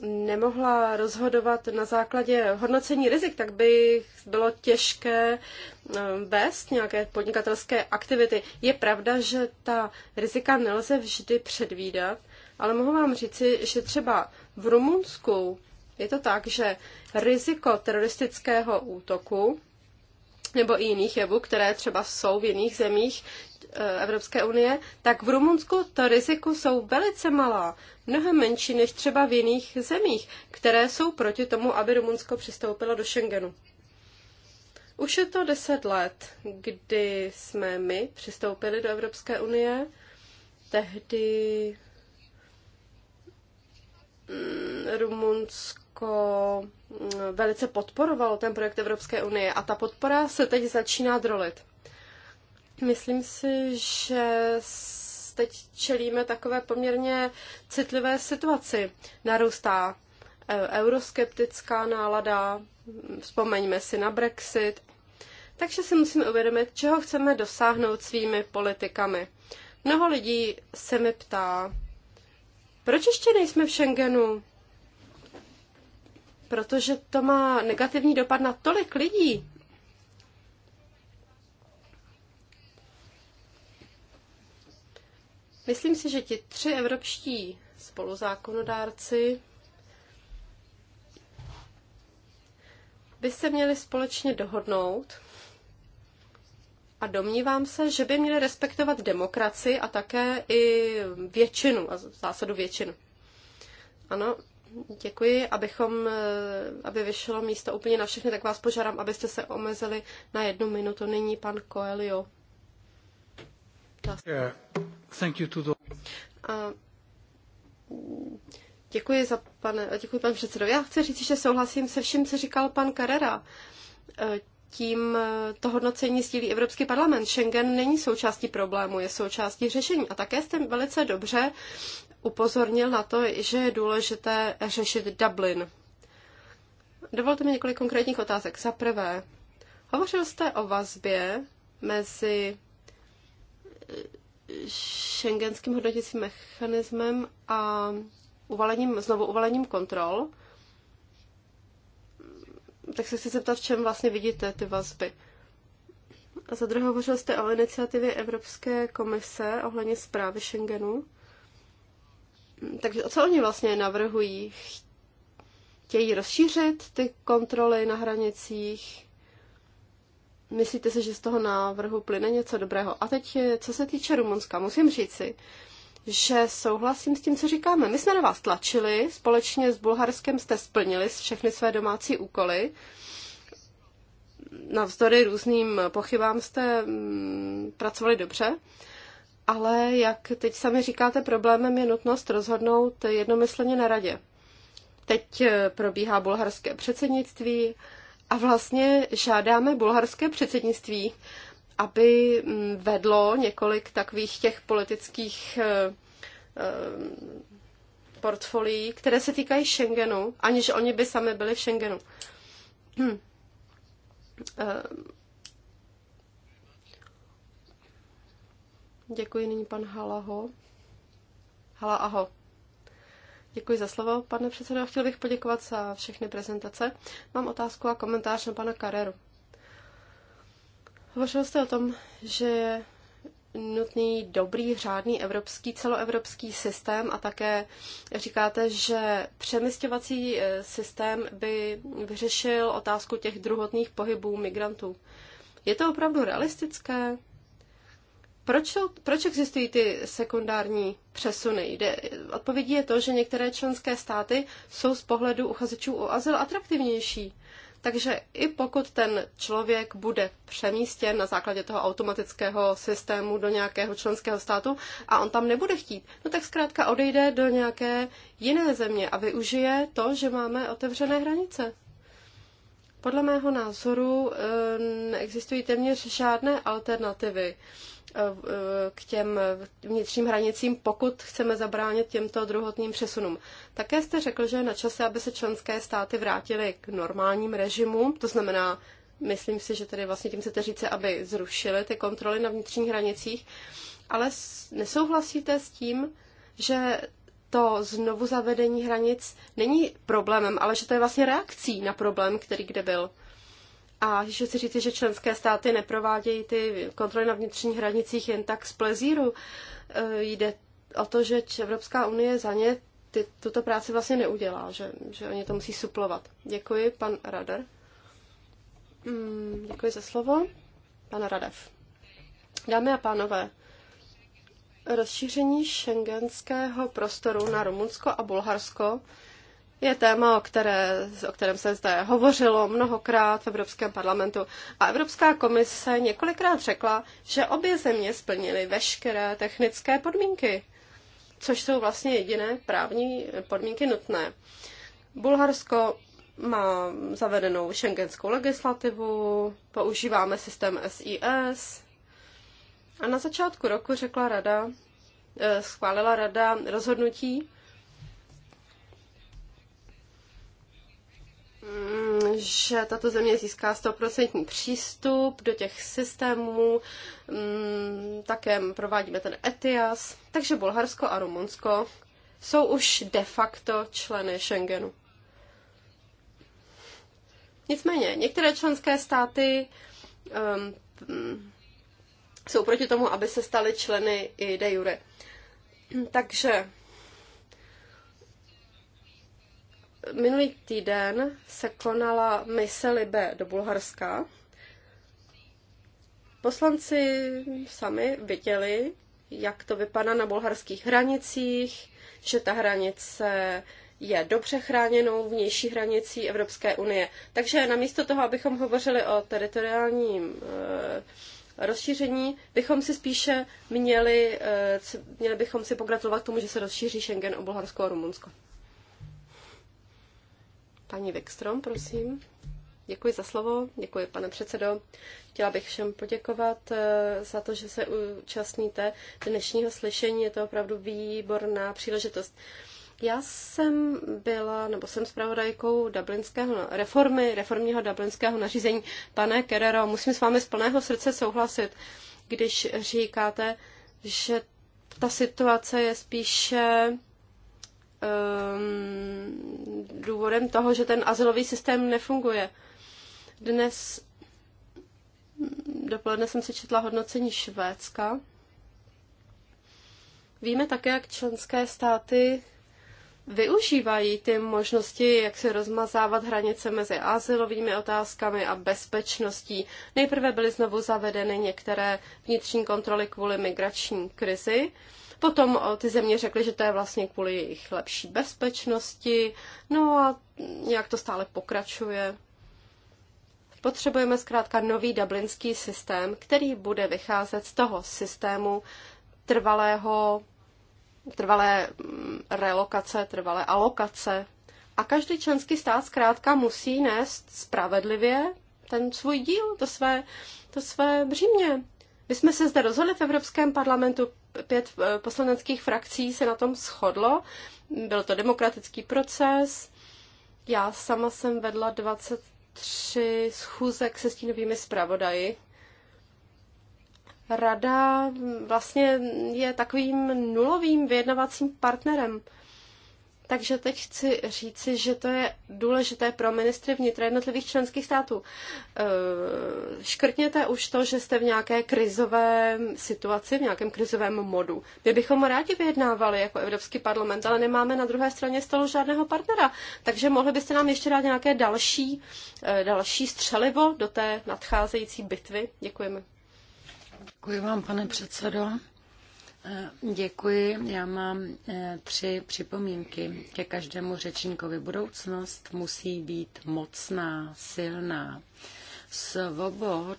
nemohla rozhodovat na základě hodnocení rizik, tak by bylo těžké eh, vést nějaké podnikatelské aktivity. Je pravda, že ta rizika nelze vždy předvídat, ale mohu vám říci, že třeba v Rumunsku je to tak, že riziko teroristického útoku nebo i jiných jevů, které třeba jsou v jiných zemích, Eh, Evropské unie, tak v Rumunsku to riziko jsou velice malá, mnohem menší než třeba v jiných zemích, které jsou proti tomu, aby Rumunsko přistoupilo do Schengenu. Už je to deset let, kdy jsme my přistoupili do Evropské unie. Tehdy mm, Rumunsko mm, velice podporovalo ten projekt Evropské unie a ta podpora se teď začíná drolit. Myslím si, že teď čelíme takové poměrně citlivé situaci. Narůstá eh, euroskeptická nálada, vzpomeňme si na Brexit. Takže si musíme uvědomit, čeho chceme dosáhnout svými politikami. Mnoho lidí se mi ptá, proč ještě nejsme v Schengenu? Protože to má negativní dopad na tolik lidí. Myslím si, že ti tři evropští spoluzákonodárci by se měli společně dohodnout a domnívám se, že by měli respektovat demokracii a také i většinu, a zásadu většinu. Ano, děkuji, abychom, aby vyšlo místo úplně na všechny, tak vás požádám, abyste se omezili na jednu minutu. Nyní pan Coelho děkuji, za pane, děkuji pan předsedo. Já chci říct, že souhlasím se vším, co říkal pan Carrera e, tím e, to hodnocení sdílí Evropský parlament. Schengen není součástí problému, je součástí řešení. A také jste velice dobře upozornil na to, že je důležité řešit Dublin. Dovolte mi několik konkrétních otázek. Za prvé, hovořil jste o vazbě mezi šengenským hodnotícím mechanismem a uvalením, znovu uvalením kontrol, tak se chci zeptat, v čem vlastně vidíte ty vazby. A za druhé hovořil jste o iniciativě Evropské komise ohledně zprávy Schengenu. Takže o co oni vlastně navrhují? Chtějí rozšířit ty kontroly na hranicích? Myslíte si, že z toho návrhu plyne něco dobrého? A teď, eh, co se týče Rumunska, musím si, že souhlasím s tím, co říkáme. My jsme na vás tlačili, společně s Bulharskem jste splnili všechny své domácí úkoly. Navzdory různým pochybám jste mm, pracovali dobře, ale jak teď sami říkáte, problémem je nutnost rozhodnout jednomyslně na radě. Teď eh, probíhá bulharské předsednictví, a vlastně žádáme bulharské předsednictví, aby mm, vedlo několik takových těch politických eh, eh, portfolií, které se týkají Schengenu, aniž oni by sami byli v Schengenu. Hm. Eh, děkuji nyní pan Halaho. Hala, aho. Děkuji za slovo, pane předsedo. Chtěl bych poděkovat za všechny prezentace. Mám otázku a komentář na pana Kareru. Hovořil jste o tom, že je nutný dobrý, řádný evropský, celoevropský systém a také říkáte, že přemysťovací eh, systém by vyřešil otázku těch druhotných pohybů migrantů. Je to opravdu realistické? Proč, proč existují ty sekundární přesuny? Jde, odpovědí je to, že některé členské státy jsou z pohledu uchazečů o azyl atraktivnější. Takže i pokud ten člověk bude přemístěn na základě toho automatického systému do nějakého členského státu a on tam nebude chtít, no tak zkrátka odejde do nějaké jiné země a využije to, že máme otevřené hranice. Podle mého názoru eh, neexistují téměř žádné alternativy. Eh, k těm vnitřním hranicím, pokud chceme zabránit těmto druhotným přesunům. Také jste řekl, že je na čase, aby se členské státy vrátily k normálním režimu, to znamená, myslím si, že tady vlastně tím chcete říct, aby zrušili ty kontroly na vnitřních hranicích, ale nesouhlasíte s tím, že to znovu zavedení hranic není problémem, ale že to je vlastně reakcí na problém, který kde byl. A když si říct, že členské státy neprovádějí ty kontroly na vnitřních hranicích jen tak z plezíru, e, jde o to, že Evropská unie za ně ty, tuto práci vlastně neudělá, že, že oni to musí suplovat. Děkuji, pan Radar. Mm, děkuji za slovo. Pan Radev. Dámy a pánové, rozšíření šengenského prostoru na Rumunsko a Bulharsko je téma, o, které, o kterém se zde hovořilo mnohokrát v Evropském parlamentu. A Evropská komise několikrát řekla, že obě země splnily veškeré technické podmínky, což jsou vlastně jediné právní podmínky nutné. Bulharsko má zavedenou šengenskou legislativu, používáme systém SIS. A na začátku roku řekla rada, eh, schválila rada rozhodnutí, Mm, že tato země získá 100% přístup do těch systémů, mm, také provádíme ten ETIAS, takže Bulharsko a Rumunsko jsou už de facto členy Schengenu. Nicméně, některé členské státy um, mm, jsou proti tomu, aby se staly členy i de jure. Takže Minulý týden se konala mise Libe do Bulharska. Poslanci sami viděli, jak to vypadá na bulharských hranicích, že ta hranice je dobře chráněnou vnější hranicí Evropské unie. Takže namísto toho, abychom hovořili o teritoriálním eh, rozšíření, bychom si spíše měli, eh, měli bychom si pogratulovat tomu, že se rozšíří Schengen o Bulharsko a Rumunsko. Paní Wikstrom, prosím. Děkuji za slovo, děkuji pane předsedo. Chtěla bych všem poděkovat eh, za to, že se účastníte dnešního slyšení. Je to opravdu výborná příležitost. Já jsem byla, nebo jsem zpravodajkou dublinského reformy, reformního dublinského nařízení. Pane Kerero, musím s vámi z plného srdce souhlasit, když říkáte, že ta situace je spíše um, důvodem toho, že ten azylový systém nefunguje. Dnes dopoledne jsem si četla hodnocení Švédska. Víme také, jak členské státy využívají ty možnosti, jak se rozmazávat hranice mezi azylovými otázkami a bezpečností. Nejprve byly znovu zavedeny některé vnitřní kontroly kvůli migrační krizi. Potom ty země řekly, že to je vlastně kvůli jejich lepší bezpečnosti, no a nějak to stále pokračuje. Potřebujeme zkrátka nový dublinský systém, který bude vycházet z toho systému trvalého, trvalé mm, relokace, trvalé alokace. A každý členský stát zkrátka musí nést spravedlivě ten svůj díl, to své, to své břímě. My jsme se zde rozhodli v Evropském parlamentu pět eh, poslaneckých frakcí se na tom shodlo. Byl to demokratický proces. Já sama jsem vedla 23 schůzek se stínovými zpravodaji. Rada mm, vlastně je takovým nulovým vyjednavacím partnerem takže teď chci říci, že to je důležité pro ministry vnitra jednotlivých členských států. Eh, škrtněte už to, že jste v nějaké krizové situaci, v nějakém krizovém modu. My bychom rádi vyjednávali jako Evropský parlament, ale nemáme na druhé straně stolu žádného partnera. Takže mohli byste nám ještě dát nějaké další, eh, další střelivo do té nadcházející bitvy? Děkujeme. Děkuji vám, pane předsedo. Eh, děkuji. Já mám eh, tři připomínky ke každému řečníkovi. Budoucnost musí být mocná, silná. Svobod,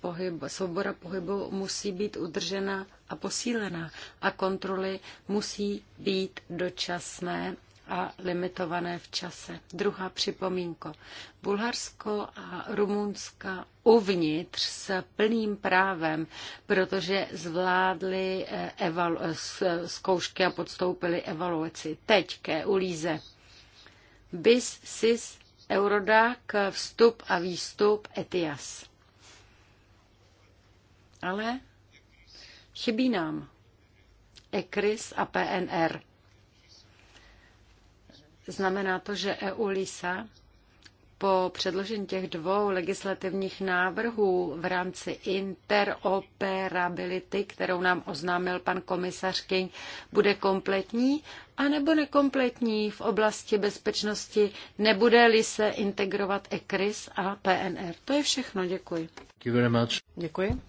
pohybu, svoboda pohybu musí být udržena a posílena a kontroly musí být dočasné a limitované v čase. Druhá připomínka. Bulharsko a Rumunska uvnitř s plným právem, protože zvládli eh, zkoušky a podstoupili evaluaci. Teď ke ulíze. BIS, SIS, Eurodák vstup a výstup ETIAS. Ale chybí nám ECRIS a PNR. Znamená to, že EU-LISA po předložení těch dvou legislativních návrhů v rámci interoperability, kterou nám oznámil pan komisař King, bude kompletní anebo nekompletní v oblasti bezpečnosti, nebude-li se integrovat ECRIS a PNR. To je všechno, děkuji. Děkuji.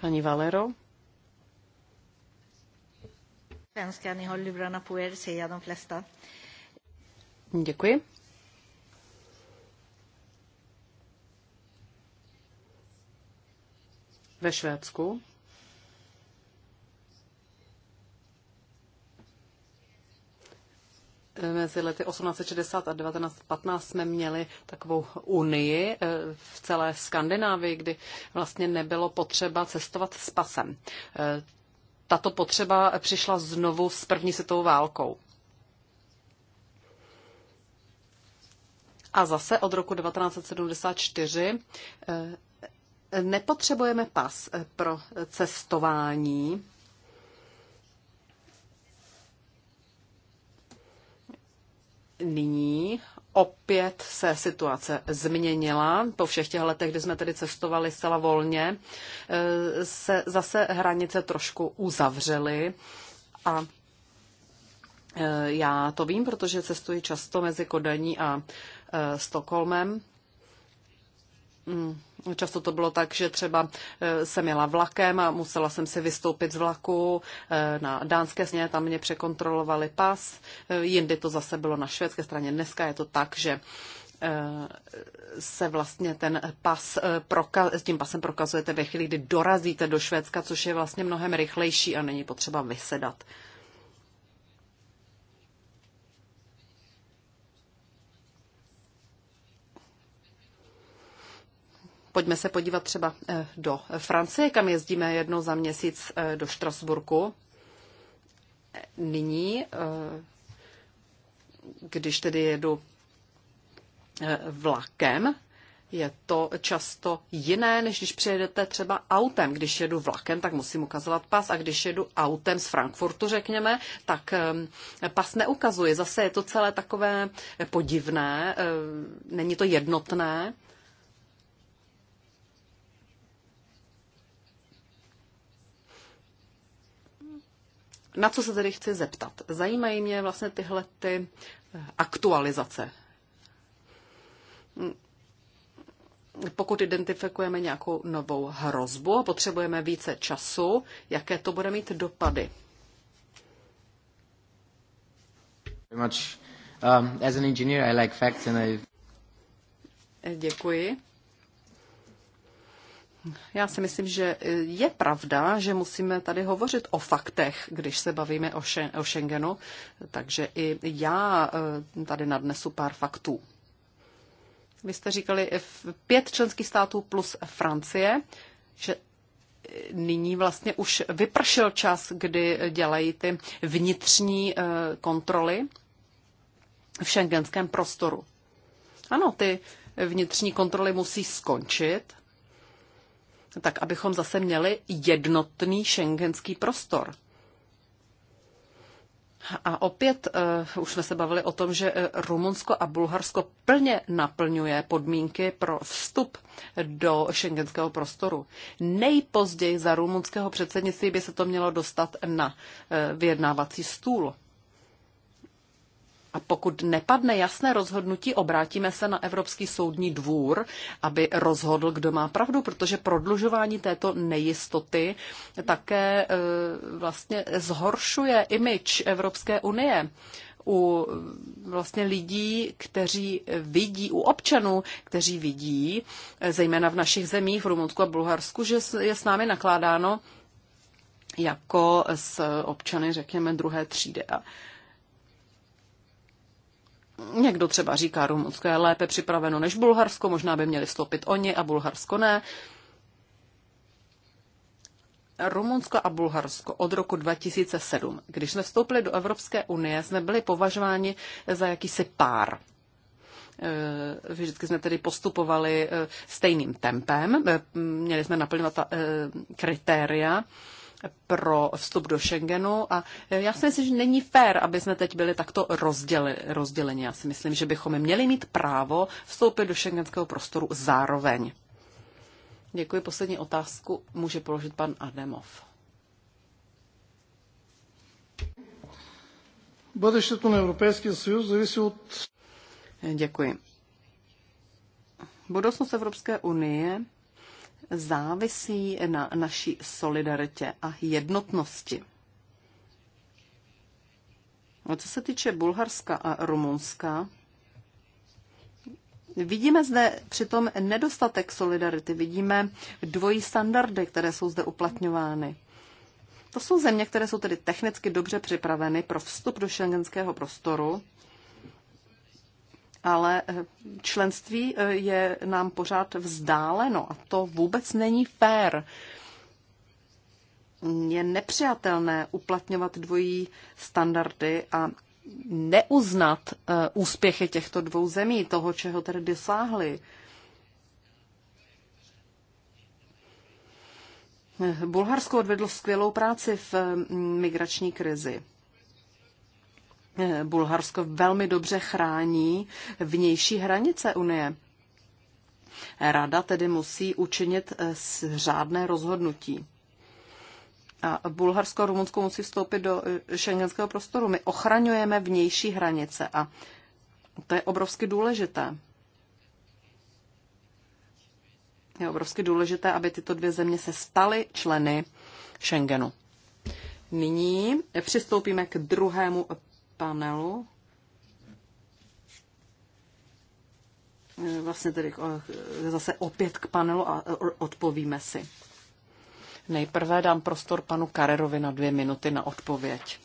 Paní Valero. Svenskar, ni har på er, ser de flesta. Děkuji. Ve Švédsku mezi lety 1860 a 1915 jsme měli takovou unii eh, v celé Skandinávii, kdy vlastně nebylo potřeba cestovat s pasem. Eh, Tato potřeba přišla znovu s první světovou válkou. A zase od roku 1974 eh, nepotřebujeme pas eh, pro cestování. Nyní opět se situace změnila. Po všech těch letech, kdy jsme tedy cestovali zcela volně, eh, se zase hranice trošku uzavřely a já to vím, protože cestuji často mezi Kodaní a Eh, Stockholmem. Mm, často to bylo tak, že třeba eh, jsem jela vlakem a musela jsem si vystoupit z vlaku eh, na dánské sně, tam mě překontrolovali pas, jindy to zase bylo na švédské straně. Dneska je to tak, že se vlastně ten pas proka- s tím pasem prokazujete ve chvíli, kdy dorazíte do Švédska, což je vlastně mnohem rychlejší a není potřeba vysedat. Pojďme se podívat třeba eh, do Francie, kam jezdíme jednou za měsíc eh, do Štrasburku. Nyní, eh, když tedy jedu vlakem, je to často jiné, než když přejedete třeba autem. Když jedu vlakem, tak musím ukazovat pas a když jedu autem z Frankfurtu, řekněme, tak pas neukazuje. Zase je to celé takové podivné, není to jednotné. na co se tedy chci zeptat? Zajímají mě vlastně tyhle ty eh, aktualizace. Pokud identifikujeme nějakou novou hrozbu a potřebujeme více času, jaké to bude mít dopady? Um, eh, děkuji. Já si myslím, že e, je pravda, že musíme tady hovořit o faktech, když se bavíme o Schengenu, takže i já e, tady nadnesu pár faktů. Vy jste říkali e, pět členských států plus Francie, že nyní vlastně už vypršel čas, kdy dělají ty vnitřní kontroly v šengenském prostoru. Ano, ty vnitřní kontroly musí skončit, tak abychom zase měli jednotný šengenský prostor. A opět uh, už jsme se bavili o tom, že eh, Rumunsko a Bulharsko plně naplňuje podmínky pro vstup do šengenského prostoru. Nejpozději za rumunského předsednictví by se to mělo dostat na uh, vyjednávací stůl. A pokud nepadne jasné rozhodnutí, obrátíme se na Evropský soudní dvůr, aby rozhodl, kdo má pravdu, protože prodlužování této nejistoty také e, vlastně zhoršuje imič Evropské unie u vlastně lidí, kteří vidí, u občanů, kteří vidí, e, zejména v našich zemích, v Rumunsku a Bulharsku, že je s námi nakládáno jako s občany, řekněme, druhé třídy. A Někdo třeba říká, Rumunsko je lépe připraveno než Bulharsko, možná by měli vstoupit oni a Bulharsko ne. Rumunsko a Bulharsko od roku 2007, když jsme vstoupili do Evropské unie, jsme byli považováni za jakýsi pár. Eh, vždycky jsme tedy postupovali eh, stejným tempem, eh, měli jsme naplňovat ta kritéria pro vstup do Schengenu a e, já si myslím, že není fér, aby jsme teď byli takto rozděli, rozděleni. Já si myslím, že bychom měli mít právo vstoupit do šengenského prostoru zároveň. Děkuji. Poslední otázku může položit pan Ademov. Бъдещето на evropský съюз závisí od. Děkuji. Budoucnost Evropské unie závisí na naší solidaritě a jednotnosti. A co se týče Bulharska a Rumunska, Vidíme zde přitom nedostatek solidarity, vidíme dvojí standardy, které jsou zde uplatňovány. To jsou země, které jsou tedy technicky dobře připraveny pro vstup do šengenského prostoru, ale eh, členství eh, je nám pořád vzdáleno a to vůbec není fér. Je nepřijatelné uplatňovat dvojí standardy a neuznat eh, úspěchy těchto dvou zemí, toho, čeho tedy dosáhli. Bulharsko odvedlo skvělou práci v mm, migrační krizi. Eh, Bulharsko velmi dobře chrání vnější hranice Unie. Rada tedy musí učinit eh, řádné rozhodnutí. A Bulharsko a Rumunsko musí vstoupit do šengenského eh, prostoru. My ochraňujeme vnější hranice a to je obrovsky důležité. Je obrovsky důležité, aby tyto dvě země se staly členy Schengenu. Nyní přistoupíme k druhému panelu. Eh, vlastně tedy eh, zase opět k panelu a eh, odpovíme si. Nejprve dám prostor panu Karerovi na dvě minuty na odpověď.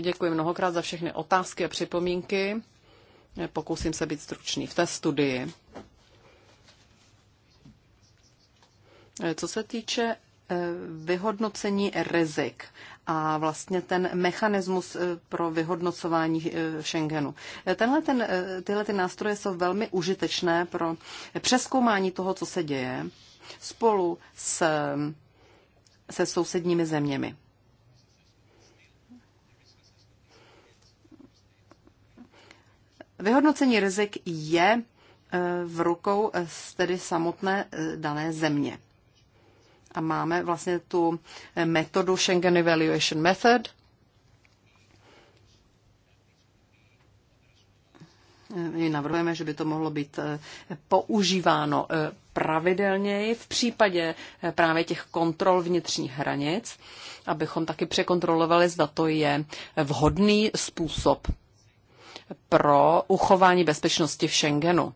Děkuji mnohokrát za všechny otázky a připomínky. Pokusím se být stručný v té studii. Co se týče vyhodnocení rizik a vlastně ten mechanismus eh, pro vyhodnocování eh, Schengenu. Eh, tenhle ten, tyhle ty nástroje jsou velmi užitečné pro přeskoumání toho, co se děje spolu s, se sousedními zeměmi. Vyhodnocení rizik je v rukou tedy samotné dané země. A máme vlastně tu metodu Schengen Evaluation Method. My navrhujeme, že by to mohlo být eh, používáno eh, pravidelněji v případě eh, právě těch kontrol vnitřních hranic, abychom taky překontrolovali, zda to je vhodný způsob pro uchování bezpečnosti v Schengenu.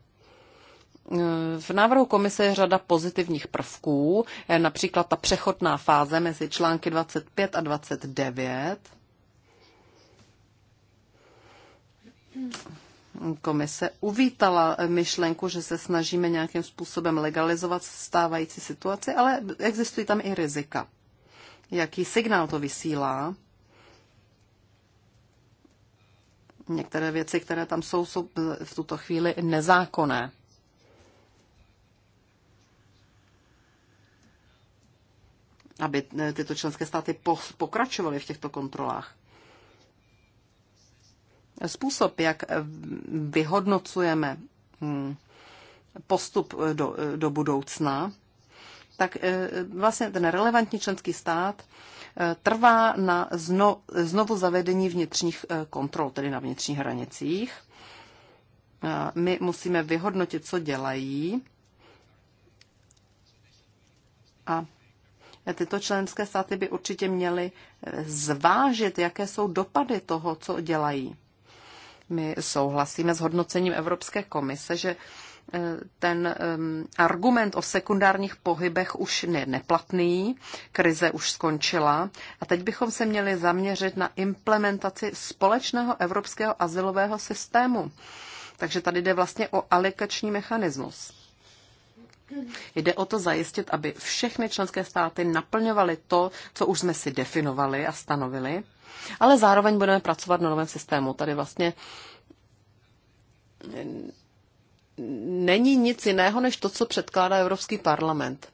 V návrhu komise je řada pozitivních prvků, eh, například ta přechodná fáze mezi články 25 a 29. Komise uvítala eh, myšlenku, že se snažíme nějakým způsobem legalizovat stávající situaci, ale existují tam i rizika. Jaký signál to vysílá? Některé věci, které tam jsou, jsou v tuto chvíli nezákonné. aby eh, tyto členské státy pokračovaly v těchto kontrolách. Způsob, jak eh, vyhodnocujeme hm, postup eh, do, do budoucna, tak vlastně ten relevantní členský stát trvá na zno, znovu zavedení vnitřních kontrol, tedy na vnitřních hranicích. My musíme vyhodnotit, co dělají a tyto členské státy by určitě měly eh, zvážit, jaké jsou dopady toho, co dělají. My souhlasíme s hodnocením Evropské komise, že eh, ten ehm, argument o sekundárních pohybech už je neplatný, krize už skončila a teď bychom se měli zaměřit na implementaci společného evropského asilového systému. Takže tady jde vlastně o alikační mechanismus. Jde o to zajistit, aby všechny členské státy naplňovaly to, co už jsme si definovali a stanovili, ale zároveň budeme pracovat na novém systému. Tady vlastně není nic jiného, než to, co předkládá Evropský parlament.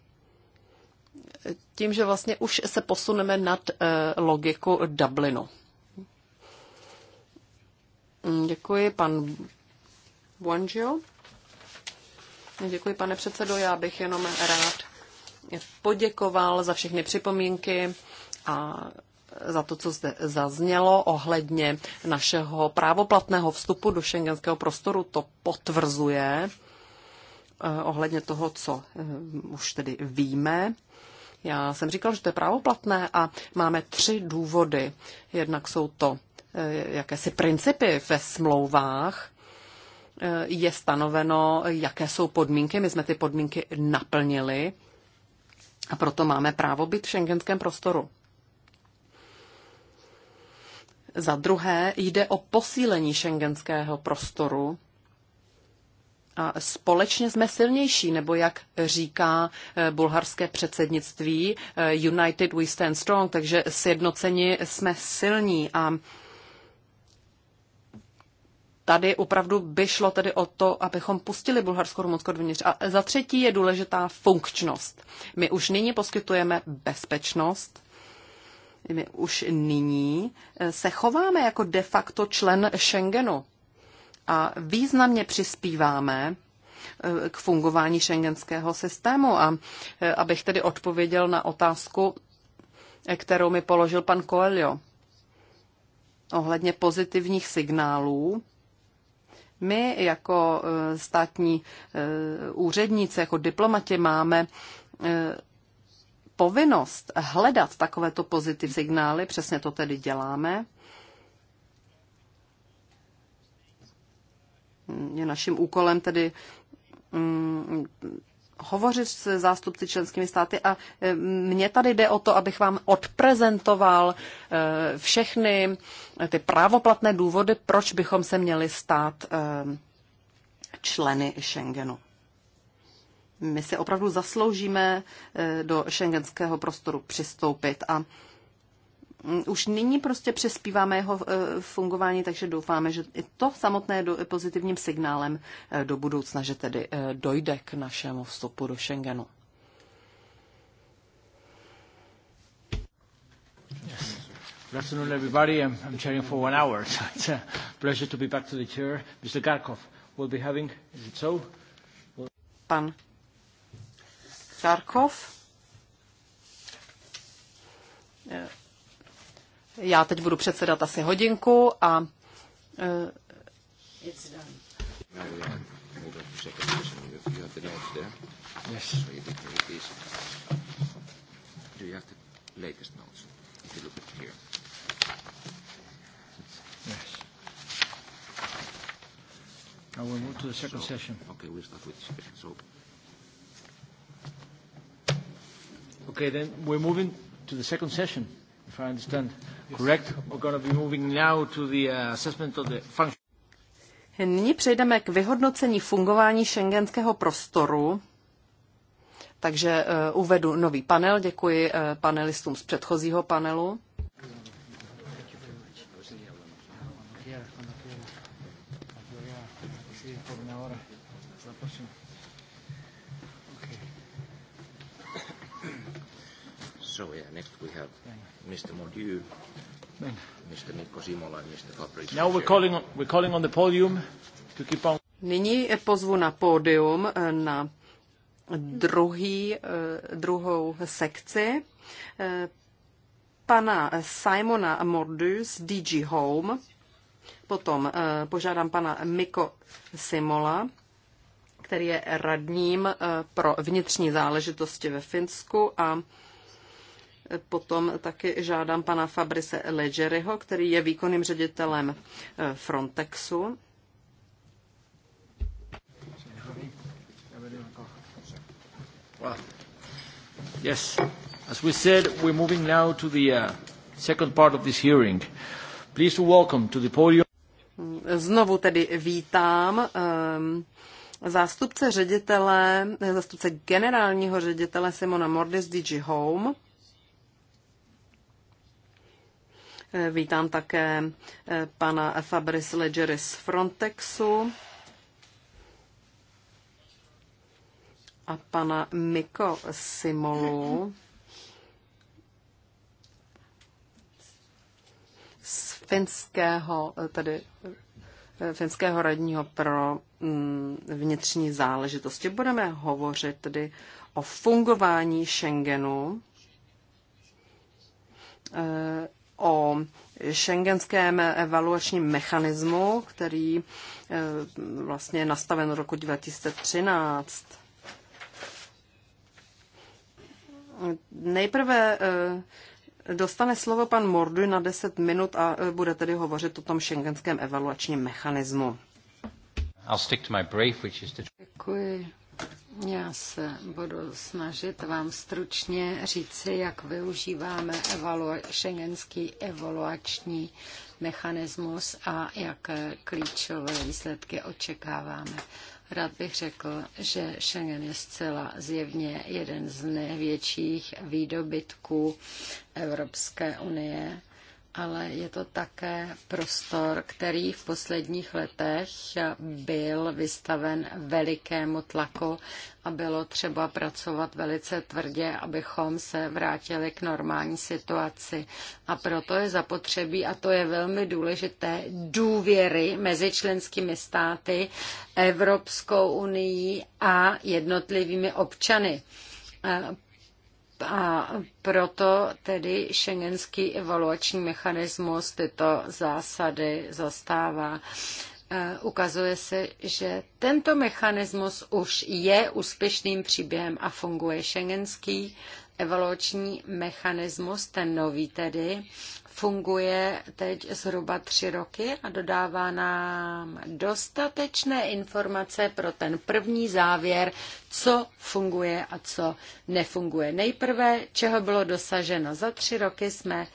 Tím, že vlastně už se posuneme nad eh, logiku Dublinu. Děkuji, pan Buangio. Děkuji, pane předsedo. Já bych jenom rád poděkoval za všechny připomínky a za to, co zde zaznělo ohledně našeho právoplatného vstupu do šengenského prostoru. To potvrzuje eh, ohledně toho, co eh, už tedy víme. Já jsem říkal, že to je právoplatné a máme tři důvody. Jednak jsou to eh, jakési principy ve smlouvách, Eh, je stanoveno, jaké jsou podmínky. My jsme ty podmínky naplnili a proto máme právo být v šengenském prostoru. Za druhé jde o posílení šengenského prostoru. A společně jsme silnější, nebo jak říká eh, bulharské předsednictví, eh, United we stand strong, takže sjednoceni jsme silní a tady opravdu by šlo tedy o to, abychom pustili Bulharsko Rumunsko dovnitř. A za třetí je důležitá funkčnost. My už nyní poskytujeme bezpečnost, my už nyní eh, se chováme jako de facto člen Schengenu a významně přispíváme eh, k fungování šengenského systému. A eh, abych tedy odpověděl na otázku, kterou mi položil pan Coelho ohledně pozitivních signálů my jako e, státní e, úředníci, jako diplomati máme e, povinnost hledat takovéto pozitiv signály, přesně to tedy děláme. Je naším úkolem tedy mm, hovořit s zástupci členskými státy a e, mně tady jde o to, abych vám odprezentoval e, všechny e, ty právoplatné důvody, proč bychom se měli stát členy Schengenu. My si opravdu zasloužíme do šengenského prostoru přistoupit a Mm, už nyní prostě přespíváme jeho eh, fungování, takže doufáme, že i to samotné je pozitivním signálem eh, do budoucna, že tedy eh, dojde k našemu vstupu do Schengenu. Yes. Good afternoon, everybody. I'm, I'm chairing for one hour, *laughs* so it's a pleasure to be back to the chair. Mr. Garkov will be having, is it so? Well... Pan Garkov. Yeah já teď budu předsedat asi hodinku a... Eh, Now we'll move to the second so, session. Okay, we'll start with the So. Okay, then we're moving to the second session if I understand correct, we're going to be moving now to the uh, assessment of the function. Nyní přejdeme k vyhodnocení fungování šengenského prostoru. Takže uh, uvedu nový panel. Děkuji uh, panelistům z předchozího panelu. So yeah, next we have Mr. Mr. Mikko Simola and Mr. Fabrice. Now we're calling on, we're calling on the podium to keep on. Nyní pozvu na pódium eh, na druhý, eh, druhou sekci eh, pana Simona Mordu z DG Home. Potom požádám pana Miko Simola, který je radním pro vnitřní záležitosti ve Finsku a Potom taky žádám pana Fabrice Legeryho, který je výkonným ředitelem eh, Frontexu. Yes, as we said, we're moving now to the uh, second part of this hearing. Please welcome to the podium. Znovu tedy vítám um, zástupce ředitele, eh, zástupce generálního ředitele Simona Mordis DG Home Vítám také eh, pana Fabrice Ledgery z Frontexu a pana Miko Simolu z finského, eh, tedy eh, finského radního pro mm, vnitřní záležitosti. Budeme hovořit tedy o fungování Schengenu o šengenském evaluačním mechanismu, který eh, vlastně je nastaven v roku 2013. Nejprve eh, dostane slovo pan Mordu na 10 minut a eh, bude tedy hovořit o tom šengenském evaluačním mechanismu. I'll stick to my brief, which is the... Děkuji. Já se budu snažit vám stručně říci, jak využíváme evalu- šengenský evaluační mechanismus a jaké klíčové výsledky očekáváme. Rád bych řekl, že Schengen je zcela zjevně jeden z největších výdobytků Evropské unie ale je to také prostor, který v posledních letech byl vystaven velikému tlaku a bylo třeba pracovat velice tvrdě, abychom se vrátili k normální situaci. A proto je zapotřebí, a to je velmi důležité, důvěry mezi členskými státy, Evropskou unii a jednotlivými občany a proto tedy šengenský evaluační mechanismus tyto zásady zastává. E, ukazuje se, že tento mechanismus už je úspěšným příběhem a funguje. Šengenský evaluační mechanismus, ten nový tedy, funguje teď zhruba tři roky a dodává nám dostatečné informace pro ten první závěr, co funguje a co nefunguje. Nejprve, čeho bylo dosaženo. Za tři roky jsme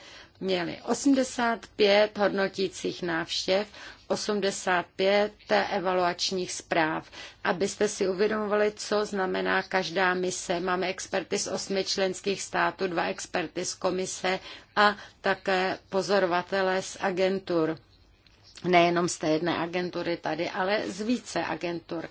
měli 85 hodnotících návštěv, 85 evaluačních zpráv. Abyste si uvědomovali, co znamená každá mise. Máme experty z osmi členských států, dva experty z komise a také pozorovatele z agentur. Nejenom z té jedné agentury tady, ale z více agentur.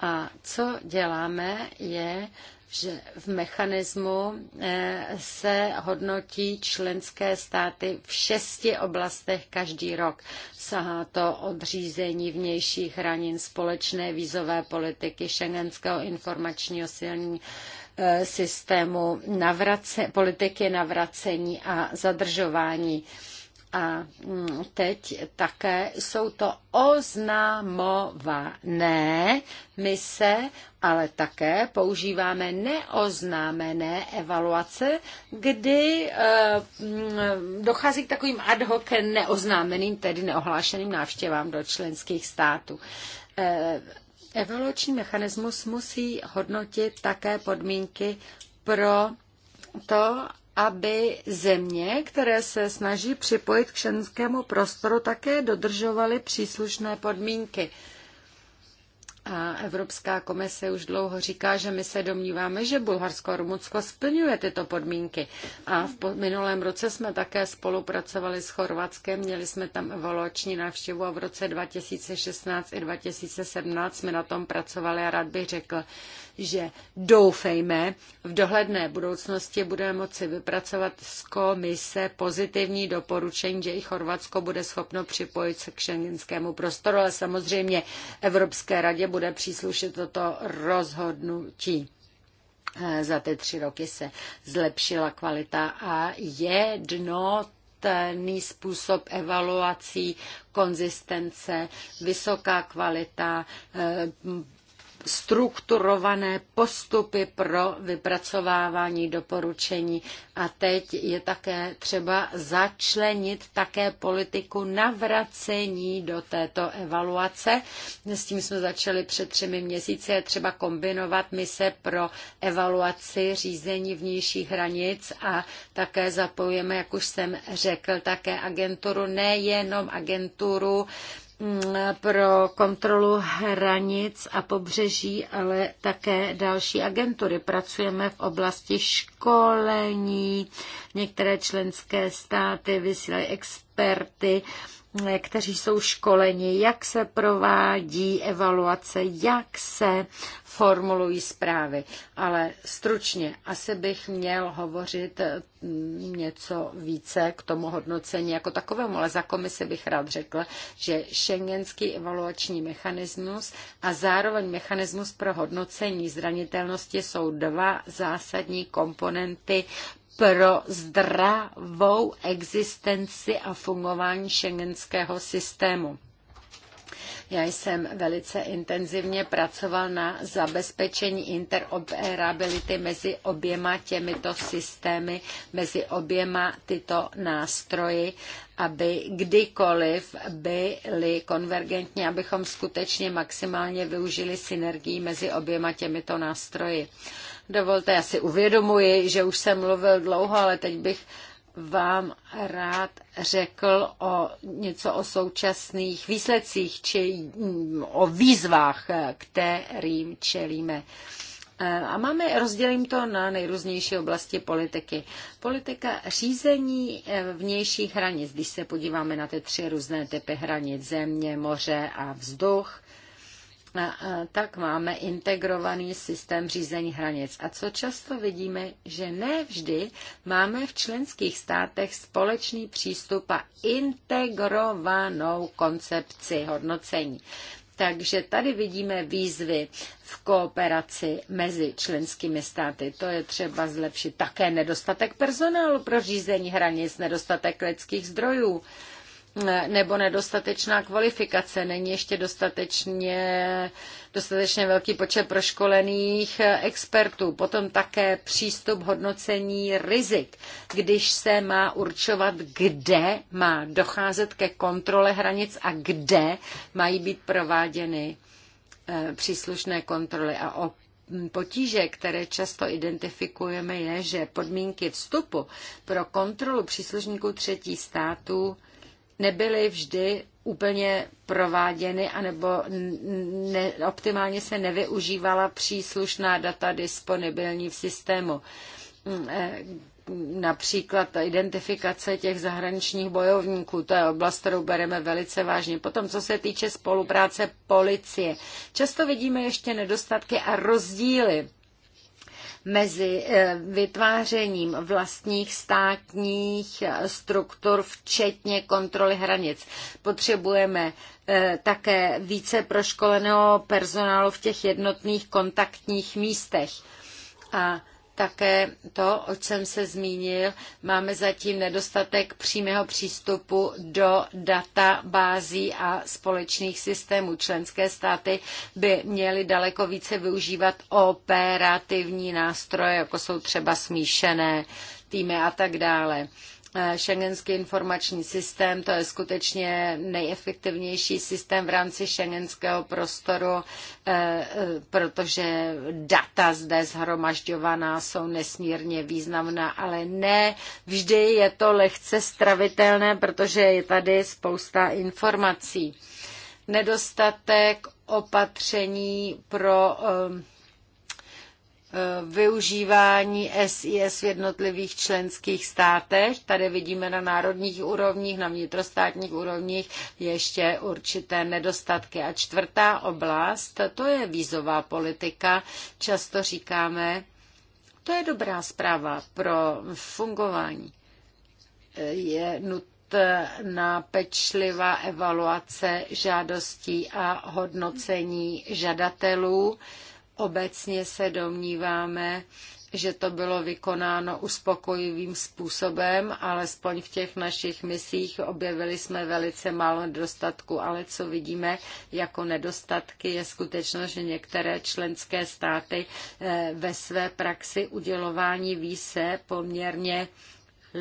A co děláme, je, že v mechanismu eh, se hodnotí členské státy v šesti oblastech každý rok. Sahá to od řízení vnějších hranin, společné vízové politiky, šengenského informačního silní eh, systému, navrace, politiky navracení a zadržování. A mm, teď také jsou to oznamované mise, ale také používáme neoznámené evaluace, kdy e, mm, dochází k takovým ad hoc neoznámeným, tedy neohlášeným návštěvám do členských států. E, evaluační mechanismus musí hodnotit také podmínky pro to, aby země, které se snaží připojit k šenskému prostoru, také dodržovaly příslušné podmínky. A Evropská komise už dlouho říká, že my se domníváme, že Bulharsko a Rumunsko splňuje tyto podmínky. A v minulém roce jsme také spolupracovali s Chorvatskem, měli jsme tam evoluční návštěvu a v roce 2016 i 2017 jsme na tom pracovali a rád bych řekl, že doufejme, v dohledné budoucnosti budeme moci vypracovat z komise pozitivní doporučení, že i Chorvatsko bude schopno připojit se k šengenskému prostoru, ale samozřejmě Evropské radě bude příslušet toto rozhodnutí eh, za ty tři roky se zlepšila kvalita a jednotný způsob evaluací, konzistence, vysoká kvalita, eh, strukturované postupy pro vypracovávání doporučení. A teď je také třeba začlenit také politiku navracení do této evaluace. S tím jsme začali před třemi měsíci. Je třeba kombinovat mise pro evaluaci řízení vnějších hranic a také zapojujeme, jak už jsem řekl, také agenturu, nejenom agenturu Mm, pro kontrolu hranic a pobřeží, ale také další agentury. Pracujeme v oblasti školení, některé členské státy vysílají experty kteří jsou školeni, jak se provádí evaluace, jak se formulují zprávy. Ale stručně, asi bych měl hovořit mm, něco více k tomu hodnocení jako takovému, ale za komisi bych rád řekl, že šengenský evaluační mechanismus a zároveň mechanismus pro hodnocení zranitelnosti jsou dva zásadní komponenty pro zdravou existenci a fungování šengenského systému. Já jsem velice intenzivně pracoval na zabezpečení interoperability mezi oběma těmito systémy, mezi oběma tyto nástroji, aby kdykoliv byly konvergentní, abychom skutečně maximálně využili synergii mezi oběma těmito nástroji. Dovolte, já si uvědomuji, že už jsem mluvil dlouho, ale teď bych vám rád řekl o něco o současných výsledcích či o výzvách, kterým čelíme. A máme, rozdělím to na nejrůznější oblasti politiky. Politika řízení eh, vnějších hranic, když se podíváme na ty tři různé typy hranic, země, moře a vzduch, tak máme integrovaný systém řízení hranic. A co často vidíme, že ne vždy máme v členských státech společný přístup a integrovanou koncepci hodnocení. Takže tady vidíme výzvy v kooperaci mezi členskými státy. To je třeba zlepšit také nedostatek personálu pro řízení hranic, nedostatek lidských zdrojů nebo nedostatečná kvalifikace, není ještě dostatečně, dostatečně velký počet proškolených eh, expertů. Potom také přístup hodnocení rizik, když se má určovat, kde má docházet ke kontrole hranic a kde mají být prováděny eh, příslušné kontroly. A o potíže, které často identifikujeme, je, že podmínky vstupu pro kontrolu příslušníků třetí států nebyly vždy úplně prováděny anebo ne, optimálně se nevyužívala příslušná data disponibilní v systému. Mm, eh, například identifikace těch zahraničních bojovníků, to je oblast, kterou bereme velice vážně. Potom, co se týče spolupráce policie, často vidíme ještě nedostatky a rozdíly mezi eh, vytvářením vlastních státních eh, struktur, včetně kontroly hranic. Potřebujeme eh, také více proškoleného personálu v těch jednotných kontaktních místech. A také to, o čem se zmínil, máme zatím nedostatek přímého přístupu do databází a společných systémů. Členské státy by měly daleko více využívat operativní nástroje, jako jsou třeba smíšené týmy a tak dále. Eh, Schengenský informační systém, to je skutečně nejefektivnější systém v rámci Schengenského prostoru, eh, eh, protože data zde zhromažďovaná jsou nesmírně významná, ale ne vždy je to lehce stravitelné, protože je tady spousta informací. Nedostatek opatření pro využívání SIS v jednotlivých členských státech. Tady vidíme na národních úrovních, na vnitrostátních úrovních ještě určité nedostatky. A čtvrtá oblast, to je vízová politika. Často říkáme, to je dobrá zpráva pro fungování. Je nutné na pečlivá evaluace žádostí a hodnocení žadatelů. Obecně se domníváme, že to bylo vykonáno uspokojivým způsobem, alespoň v těch našich misích objevili jsme velice málo nedostatku, ale co vidíme jako nedostatky je skutečnost, že některé členské státy eh, ve své praxi udělování více poměrně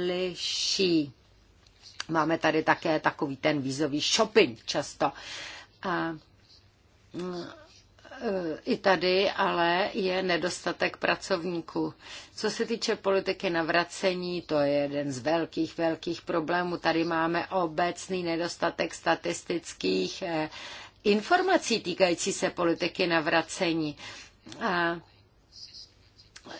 liší. Máme tady také takový ten vízový shopping často. A mm, i tady ale je nedostatek pracovníků. Co se týče politiky navracení, to je jeden z velkých, velkých problémů. Tady máme obecný nedostatek statistických eh, informací týkající se politiky navracení. A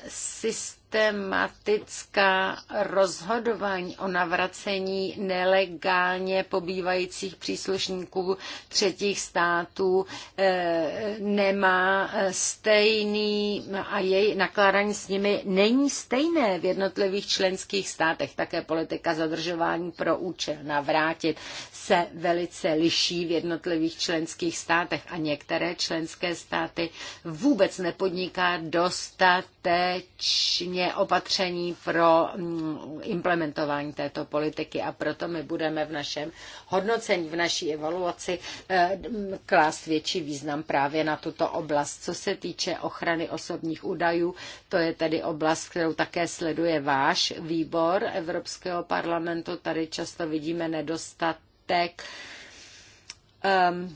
syst systematická rozhodování o navracení nelegálně pobývajících příslušníků třetích států eh, nemá stejný a její nakládání s nimi není stejné v jednotlivých členských státech. Také politika zadržování pro účel navrátit se velice liší v jednotlivých členských státech a některé členské státy vůbec nepodniká dostatečně včetně opatření pro mm, implementování této politiky a proto my budeme v našem hodnocení, v naší evaluaci eh, klást větší význam právě na tuto oblast. Co se týče ochrany osobních údajů, to je tedy oblast, kterou také sleduje váš výbor Evropského parlamentu. Tady často vidíme nedostatek um,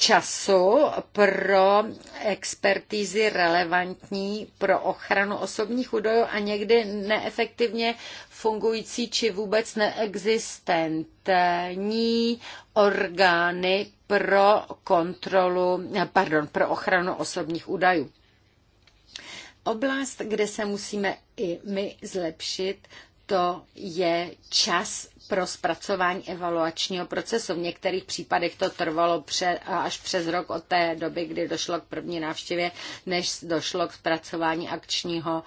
času pro expertízy relevantní pro ochranu osobních údajů a někdy neefektivně fungující či vůbec neexistentní orgány pro kontrolu, pardon, pro ochranu osobních údajů. Oblast, kde se musíme i my zlepšit, to je čas pro zpracování evaluačního procesu. V některých případech to trvalo pře, až přes rok od té doby, kdy došlo k první návštěvě, než došlo k zpracování akčního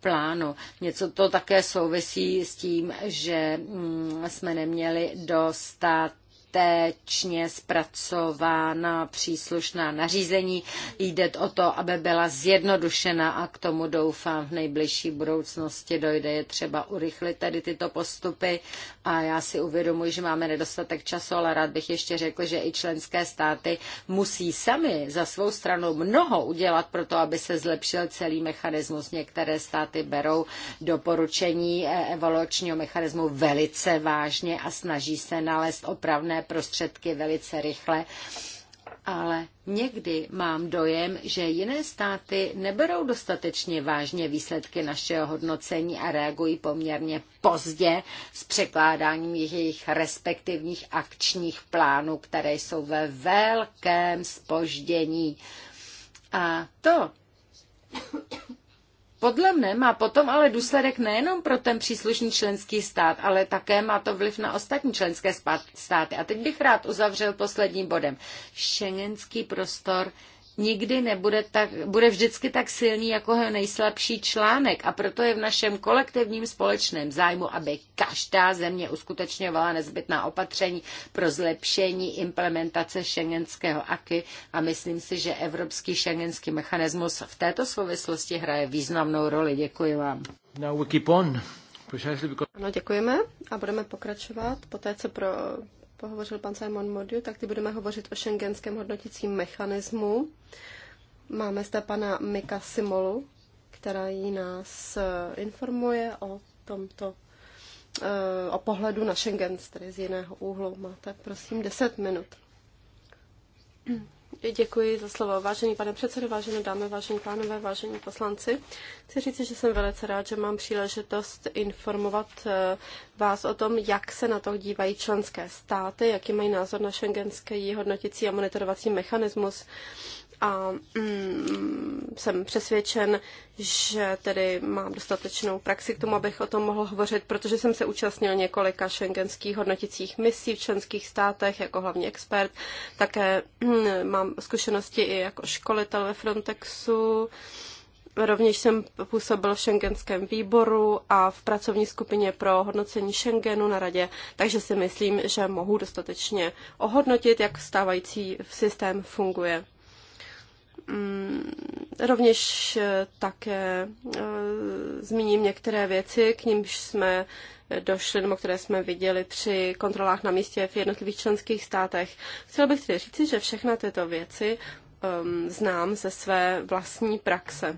plánu. Něco to také souvisí s tím, že mm, jsme neměli dostat dostatečně zpracována příslušná nařízení. Jde o to, aby byla zjednodušena a k tomu doufám v nejbližší budoucnosti dojde. Je třeba urychlit tady tyto postupy a já si uvědomuji, že máme nedostatek času, ale rád bych ještě řekl, že i členské státy musí sami za svou stranu mnoho udělat pro to, aby se zlepšil celý mechanismus. Některé státy berou doporučení e, evolučního mechanismu velice vážně a snaží se nalézt opravné prostředky velice rychle ale někdy mám dojem, že jiné státy neberou dostatečně vážně výsledky našeho hodnocení a reagují poměrně pozdě s překládáním jejich respektivních akčních plánů, které jsou ve velkém spoždění. A to podle mne má potom ale důsledek nejenom pro ten příslušný členský stát, ale také má to vliv na ostatní členské státy. A teď bych rád uzavřel posledním bodem. Schengenský prostor nikdy nebude tak, bude vždycky tak silný jako jeho nejslabší článek a proto je v našem kolektivním společném zájmu, aby každá země uskutečňovala nezbytná opatření pro zlepšení implementace šengenského aky a myslím si, že evropský šengenský mechanismus v této souvislosti hraje významnou roli. Děkuji vám. Ano, děkujeme a budeme pokračovat poté, co pro, pohovořil pan Simon Modiu, tak ty budeme hovořit o šengenském hodnotícím mechanismu. Máme zde pana Mika Simolu, který nás eh, informuje o tomto eh, o pohledu na Schengen, tedy z jiného úhlu. Máte prosím 10 minut. Děkuji za slovo. Vážený pane předsedo, vážené dámy, vážení pánové, vážení poslanci, chci říct, že jsem velice rád, že mám příležitost informovat eh, vás o tom, jak se na to dívají členské státy, jaký mají názor na šengenský hodnotící a monitorovací mechanismus a mm, jsem přesvědčen, že tedy mám dostatečnou praxi k tomu, abych o tom mohl hovořit, protože jsem se účastnil několika šengenských hodnoticích misí v členských státech jako hlavní expert. Také mm, mám zkušenosti i jako školitel ve Frontexu. Rovněž jsem působil v šengenském výboru a v pracovní skupině pro hodnocení Schengenu na radě, takže si myslím, že mohu dostatečně ohodnotit, jak stávající systém funguje. Mm, rovněž eh, také eh, zmíním některé věci, k nímž jsme došli, nebo které jsme viděli při kontrolách na místě v jednotlivých členských státech. Chtěl bych tedy říci, že všechna tyto věci um, znám ze své vlastní praxe.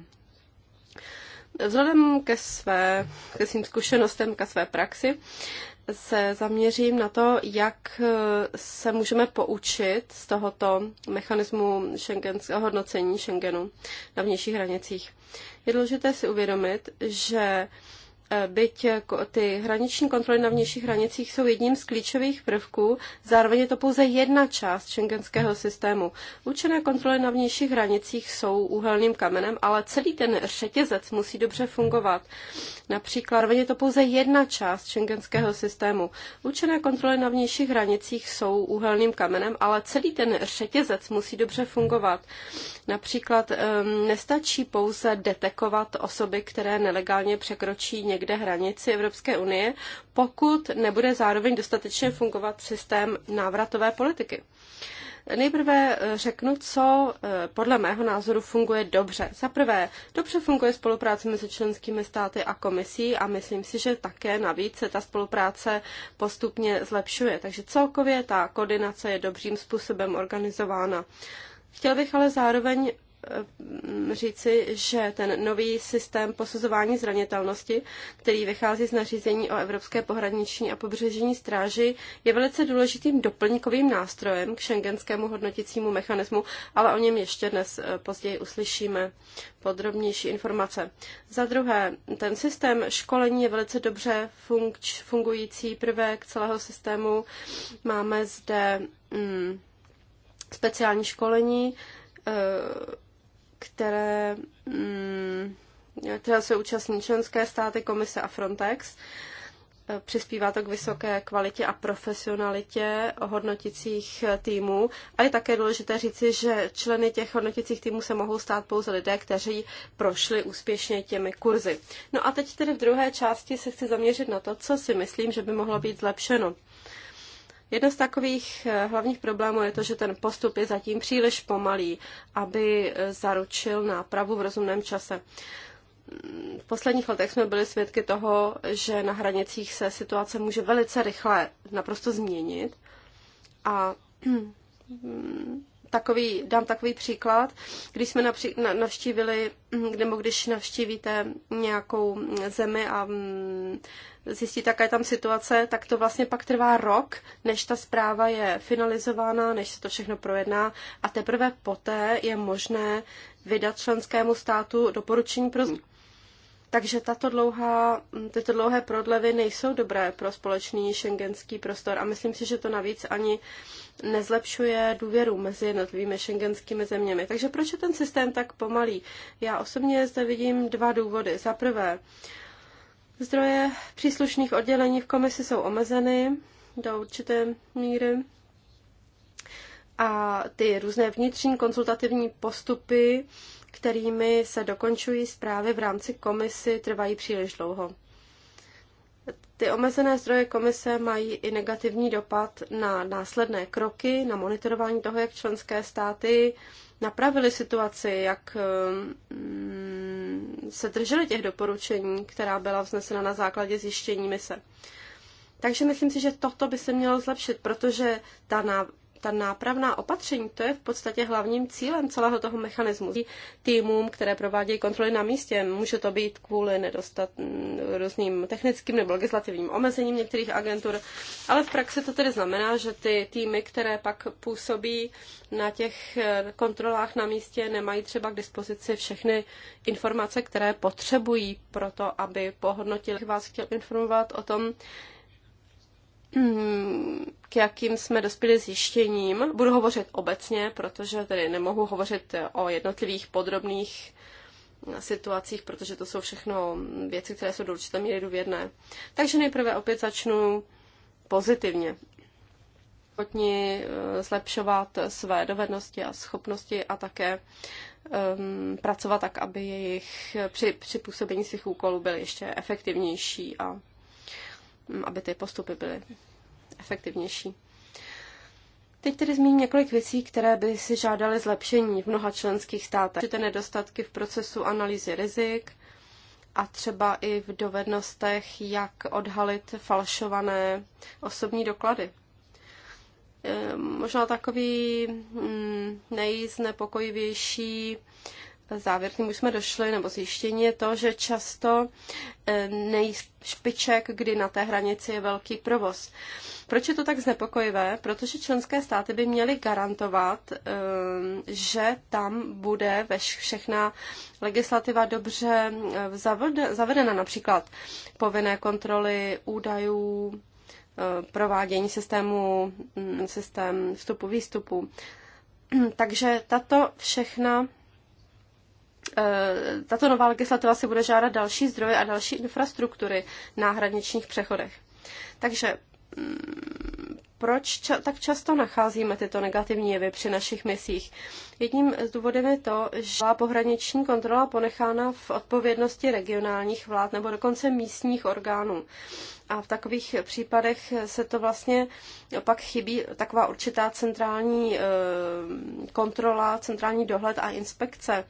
Vzhledem ke, své, ke svým zkušenostem, ke své praxi, se zaměřím na to, jak eh, se můžeme poučit z tohoto mechanismu šengenského hodnocení Schengenu na vnějších hranicích. Je důležité si uvědomit, že byť ty hraniční kontroly na vnějších hranicích jsou jedním z klíčových prvků, zároveň je to pouze jedna část šengenského systému. Učené kontroly na vnějších hranicích jsou úhelným kamenem, ale celý ten řetězec musí dobře fungovat. Například je to pouze jedna část šengenského systému. Učené kontroly na vnějších hranicích jsou úhelným kamenem, ale celý ten řetězec musí dobře fungovat. Například um, nestačí pouze detekovat osoby, které nelegálně překročí někde někde hranici Evropské unie, pokud nebude zároveň dostatečně fungovat systém návratové politiky. Nejprve eh, řeknu, co eh, podle mého názoru funguje dobře. Za prvé, dobře funguje spolupráce mezi členskými státy a komisí a myslím si, že také navíc se ta spolupráce postupně zlepšuje. Takže celkově ta koordinace je dobrým způsobem organizována. Chtěl bych ale zároveň Eh, říci, že ten nový systém posuzování zranitelnosti, který vychází z nařízení o Evropské pohraniční a pobřežní stráži, je velice důležitým doplňkovým nástrojem k šengenskému hodnoticímu mechanismu, ale o něm ještě dnes eh, později uslyšíme podrobnější informace. Za druhé, ten systém školení je velice dobře funkč, fungující prvek celého systému. Máme zde mm, speciální školení, eh, které, mm, které se účastní členské státy, komise a Frontex. E, přispívá to k vysoké kvalitě a profesionalitě hodnoticích e, týmů. A je také důležité říci, že členy těch hodnoticích týmů se mohou stát pouze lidé, kteří prošli úspěšně těmi kurzy. No a teď tedy v druhé části se chci zaměřit na to, co si myslím, že by mohlo být zlepšeno. Jedno z takových eh, hlavních problémů je to, že ten postup je zatím příliš pomalý, aby eh, zaručil nápravu v rozumném čase. V posledních letech jsme byli svědky toho, že na hranicích se situace může velice rychle naprosto změnit a *clears throat* mm, takový, dám takový příklad. Když jsme napří, na, navštívili, mm, nebo když navštívíte nějakou zemi a mm, zjistíte, jaká je tam situace, tak to vlastně pak trvá rok, než ta zpráva je finalizována, než se to všechno projedná a teprve poté je možné vydat členskému státu doporučení pro zmi. Takže tato dlouhá, tyto dlouhé prodlevy nejsou dobré pro společný šengenský prostor a myslím si, že to navíc ani nezlepšuje důvěru mezi jednotlivými šengenskými zeměmi. Takže proč je ten systém tak pomalý? Já osobně zde vidím dva důvody. Za prvé, zdroje příslušných oddělení v komisi jsou omezeny do určité míry a ty různé vnitřní konzultativní postupy kterými se dokončují zprávy v rámci komisy, trvají příliš dlouho. Ty omezené zdroje komise mají i negativní dopad na následné kroky, na monitorování toho, jak členské státy napravili situaci, jak mm, se drželi těch doporučení, která byla vznesena na základě zjištění mise. Takže myslím si, že toto by se mělo zlepšit, protože ta, ta nápravná opatření, to je v podstatě hlavním cílem celého toho mechanismu. Týmům, které provádějí kontroly na místě, může to být kvůli nedostat různým technickým nebo legislativním omezením některých agentur, ale v praxi to tedy znamená, že ty týmy, které pak působí na těch eh, kontrolách na místě, nemají třeba k dispozici všechny informace, které potřebují pro to, aby pohodnotili. Vás chtěl informovat o tom, Hmm, k jakým jsme dospěli zjištěním. Budu hovořit obecně, protože tedy nemohu hovořit o jednotlivých podrobných situacích, protože to jsou všechno věci, které jsou do určité míry důvěrné. Takže nejprve opět začnu pozitivně. Ochotni eh, zlepšovat své dovednosti a schopnosti a také um, pracovat tak, aby jejich při, při působení svých úkolů byly ještě efektivnější a aby ty postupy byly efektivnější. Teď tedy zmíním několik věcí, které by si žádaly zlepšení v mnoha členských státech. Ty nedostatky v procesu analýzy rizik a třeba i v dovednostech, jak odhalit falšované osobní doklady. Ehm, možná takový mm, nejznepokojivější závěr, kterým už jsme došli, nebo zjištění je to, že často eh, nejšpiček, kdy na té hranici je velký provoz. Proč je to tak znepokojivé? Protože členské státy by měly garantovat, eh, že tam bude všechna legislativa dobře eh, zavedena, například povinné kontroly údajů, provádění systému, mm, systém vstupu-výstupu. *clears throat* Takže tato všechna Eh, tato nová legislativa si bude žádat další zdroje a další infrastruktury na hraničních přechodech. Takže mm, proč ča- tak často nacházíme tyto negativní jevy při našich misích? Jedním z důvodů je to, že pohraniční kontrola ponechána v odpovědnosti regionálních vlád nebo dokonce místních orgánů. A v takových případech se to vlastně pak chybí taková určitá centrální eh, kontrola, centrální dohled a inspekce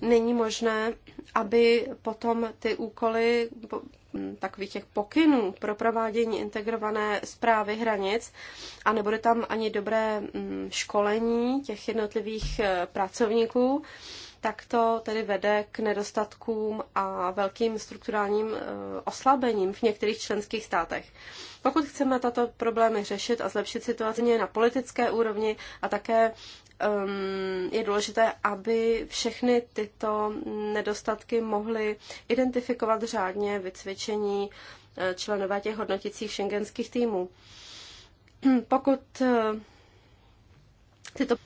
není možné, aby potom ty úkoly takových těch pokynů pro provádění integrované zprávy hranic a nebude tam ani dobré mm, školení těch jednotlivých e, pracovníků, tak to tedy vede k nedostatkům a velkým strukturálním e, oslabením v některých členských státech. Pokud chceme tato problémy řešit a zlepšit situaci na politické úrovni a také um, je důležité, aby všechny tyto nedostatky mohly identifikovat řádně vycvičení eh, členové těch hodnotících šengenských týmů. *clears throat* Pokud eh, tyto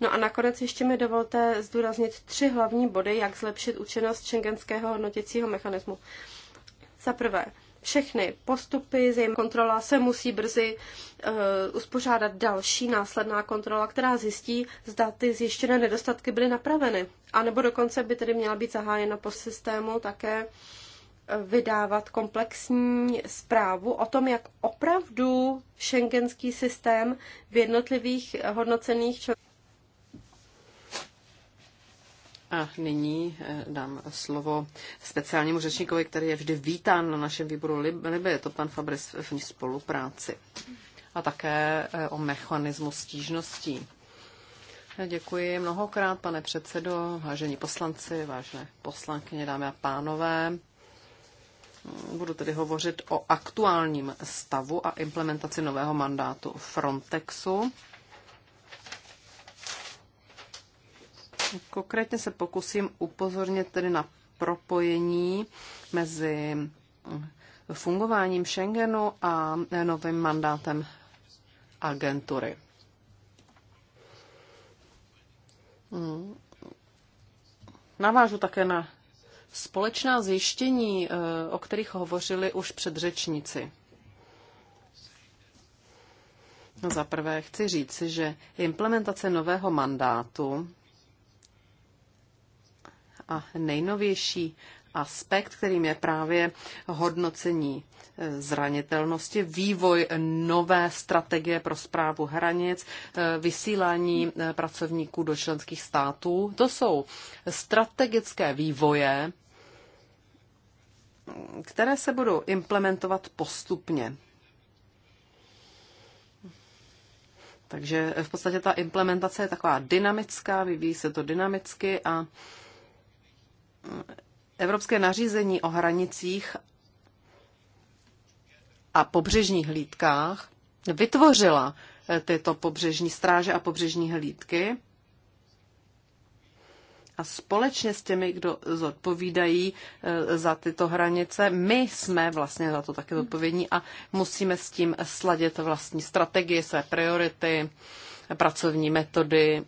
No a nakonec ještě mi dovolte zdůraznit tři hlavní body, jak zlepšit účinnost šengenského hodnotícího mechanismu. Za prvé, všechny postupy, zejména kontrola, se musí brzy uh, uspořádat další následná kontrola, která zjistí, zda ty zjištěné nedostatky byly napraveny. A nebo dokonce by tedy měla být zahájena po systému také eh, vydávat komplexní zprávu o tom, jak opravdu šengenský systém v jednotlivých eh, hodnocených čl- a nyní eh, dám slovo speciálnímu řečníkovi, který je vždy vítán na našem výboru Libe, je to pan Fabris v spolupráci. A také eh, o mechanismu stížností. Eh, děkuji mnohokrát, pane předsedo, vážení poslanci, vážné poslankyně, dámy a pánové. Mm, budu tedy hovořit o aktuálním stavu a implementaci nového mandátu Frontexu Konkrétně se pokusím upozornit tedy na propojení mezi fungováním Schengenu a novým mandátem agentury. Navážu také na společná zjištění, eh, o kterých hovořili už předřečníci. No za prvé chci říci, že implementace nového mandátu a nejnovější aspekt, kterým je právě hodnocení e, zranitelnosti, vývoj nové strategie pro zprávu hranic, e, vysílání e, pracovníků do členských států. To jsou strategické vývoje, které se budou implementovat postupně. Takže v podstatě ta implementace je taková dynamická, vyvíjí se to dynamicky a Evropské nařízení o hranicích a pobřežních hlídkách vytvořila eh, tyto pobřežní stráže a pobřežní hlídky. A společně s těmi, kdo zodpovídají eh, za tyto hranice, my jsme vlastně za to také zodpovědní a musíme s tím sladit vlastní strategie, své priority, pracovní metody,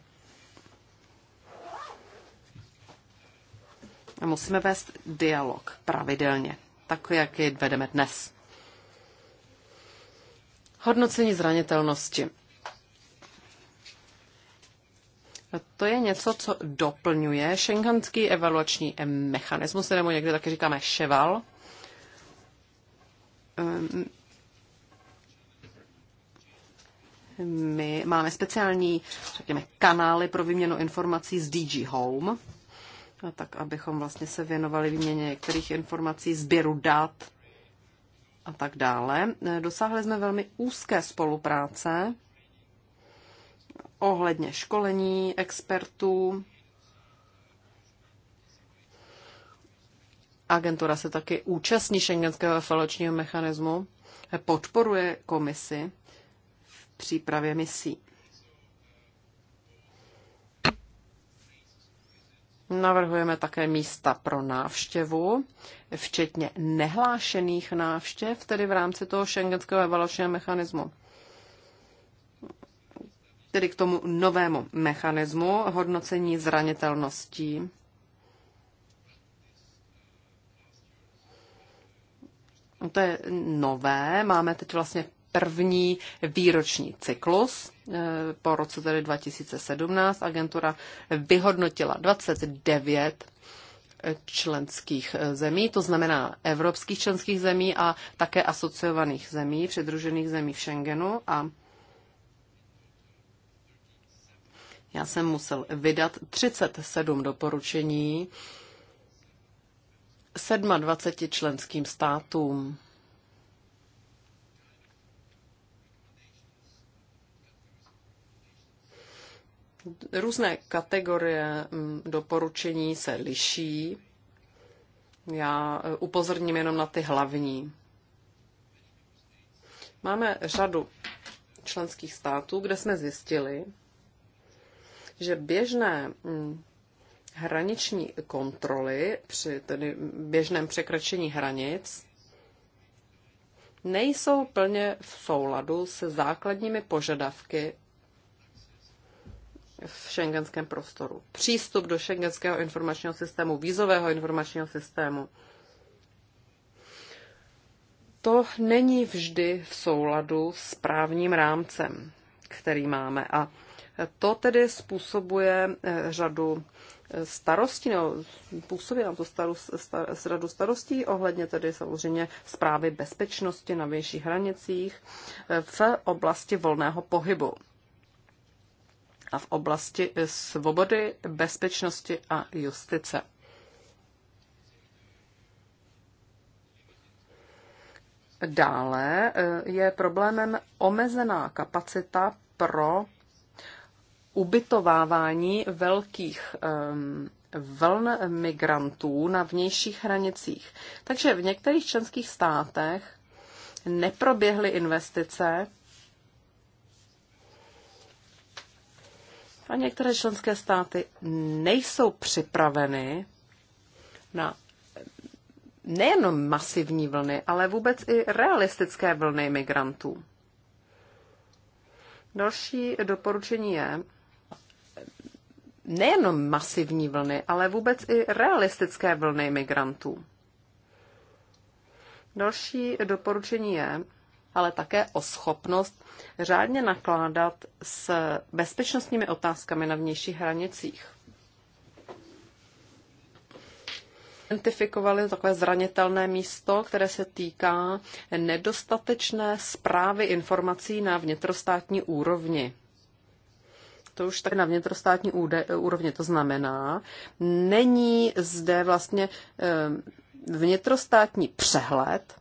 Musíme vést dialog pravidelně, tak jak je vedeme dnes. Hodnocení zranitelnosti. To je něco, co doplňuje šenghanský evaluační mechanismus, kterému někdy taky říkáme ševal. Ehm, my máme speciální, řekněme, kanály pro výměnu informací z DG Home. A tak abychom vlastně se věnovali výměně některých informací, sběru dat a tak dále. Dosáhli jsme velmi úzké spolupráce ohledně školení expertů. Agentura se taky účastní šengenského faločního mechanismu, podporuje komisi v přípravě misí. Navrhujeme také místa pro návštěvu, včetně nehlášených návštěv, tedy v rámci toho šengenského evaluačního mechanismu. Tedy k tomu novému mechanismu hodnocení zranitelností. To je nové, máme teď vlastně první výroční cyklus. Eh, po roce tedy 2017 agentura vyhodnotila 29 členských eh, zemí, to znamená evropských členských zemí a také asociovaných zemí, přidružených zemí v Schengenu a já jsem musel vydat 37 doporučení 27 členským státům. Různé kategorie mm, doporučení se liší. Já e, upozorním jenom na ty hlavní. Máme řadu členských států, kde jsme zjistili, že běžné mm, hraniční kontroly při tedy běžném překračení hranic nejsou plně v souladu se základními požadavky v šengenském prostoru. Přístup do šengenského informačního systému, vízového informačního systému. To není vždy v souladu s právním rámcem, který máme. A to tedy způsobuje eh, řadu eh, starostí, no, působí nám to starost, star, řadu starostí ohledně tedy samozřejmě zprávy bezpečnosti na vnějších hranicích eh, v oblasti volného pohybu v oblasti svobody, bezpečnosti a justice. Dále eh, je problémem omezená kapacita pro ubytovávání velkých ehm, vln migrantů na vnějších hranicích. Takže v některých členských státech neproběhly investice A některé členské státy nejsou připraveny na nejenom masivní vlny, ale vůbec i realistické vlny migrantů. Další doporučení je nejenom masivní vlny, ale vůbec i realistické vlny migrantů. Další doporučení je ale také o schopnost řádně nakládat s bezpečnostními otázkami na vnějších hranicích. identifikovali takové zranitelné místo, které se týká nedostatečné zprávy informací na vnitrostátní úrovni. To už tak na vnitrostátní úrovni to znamená, není zde vlastně eh, vnitrostátní přehled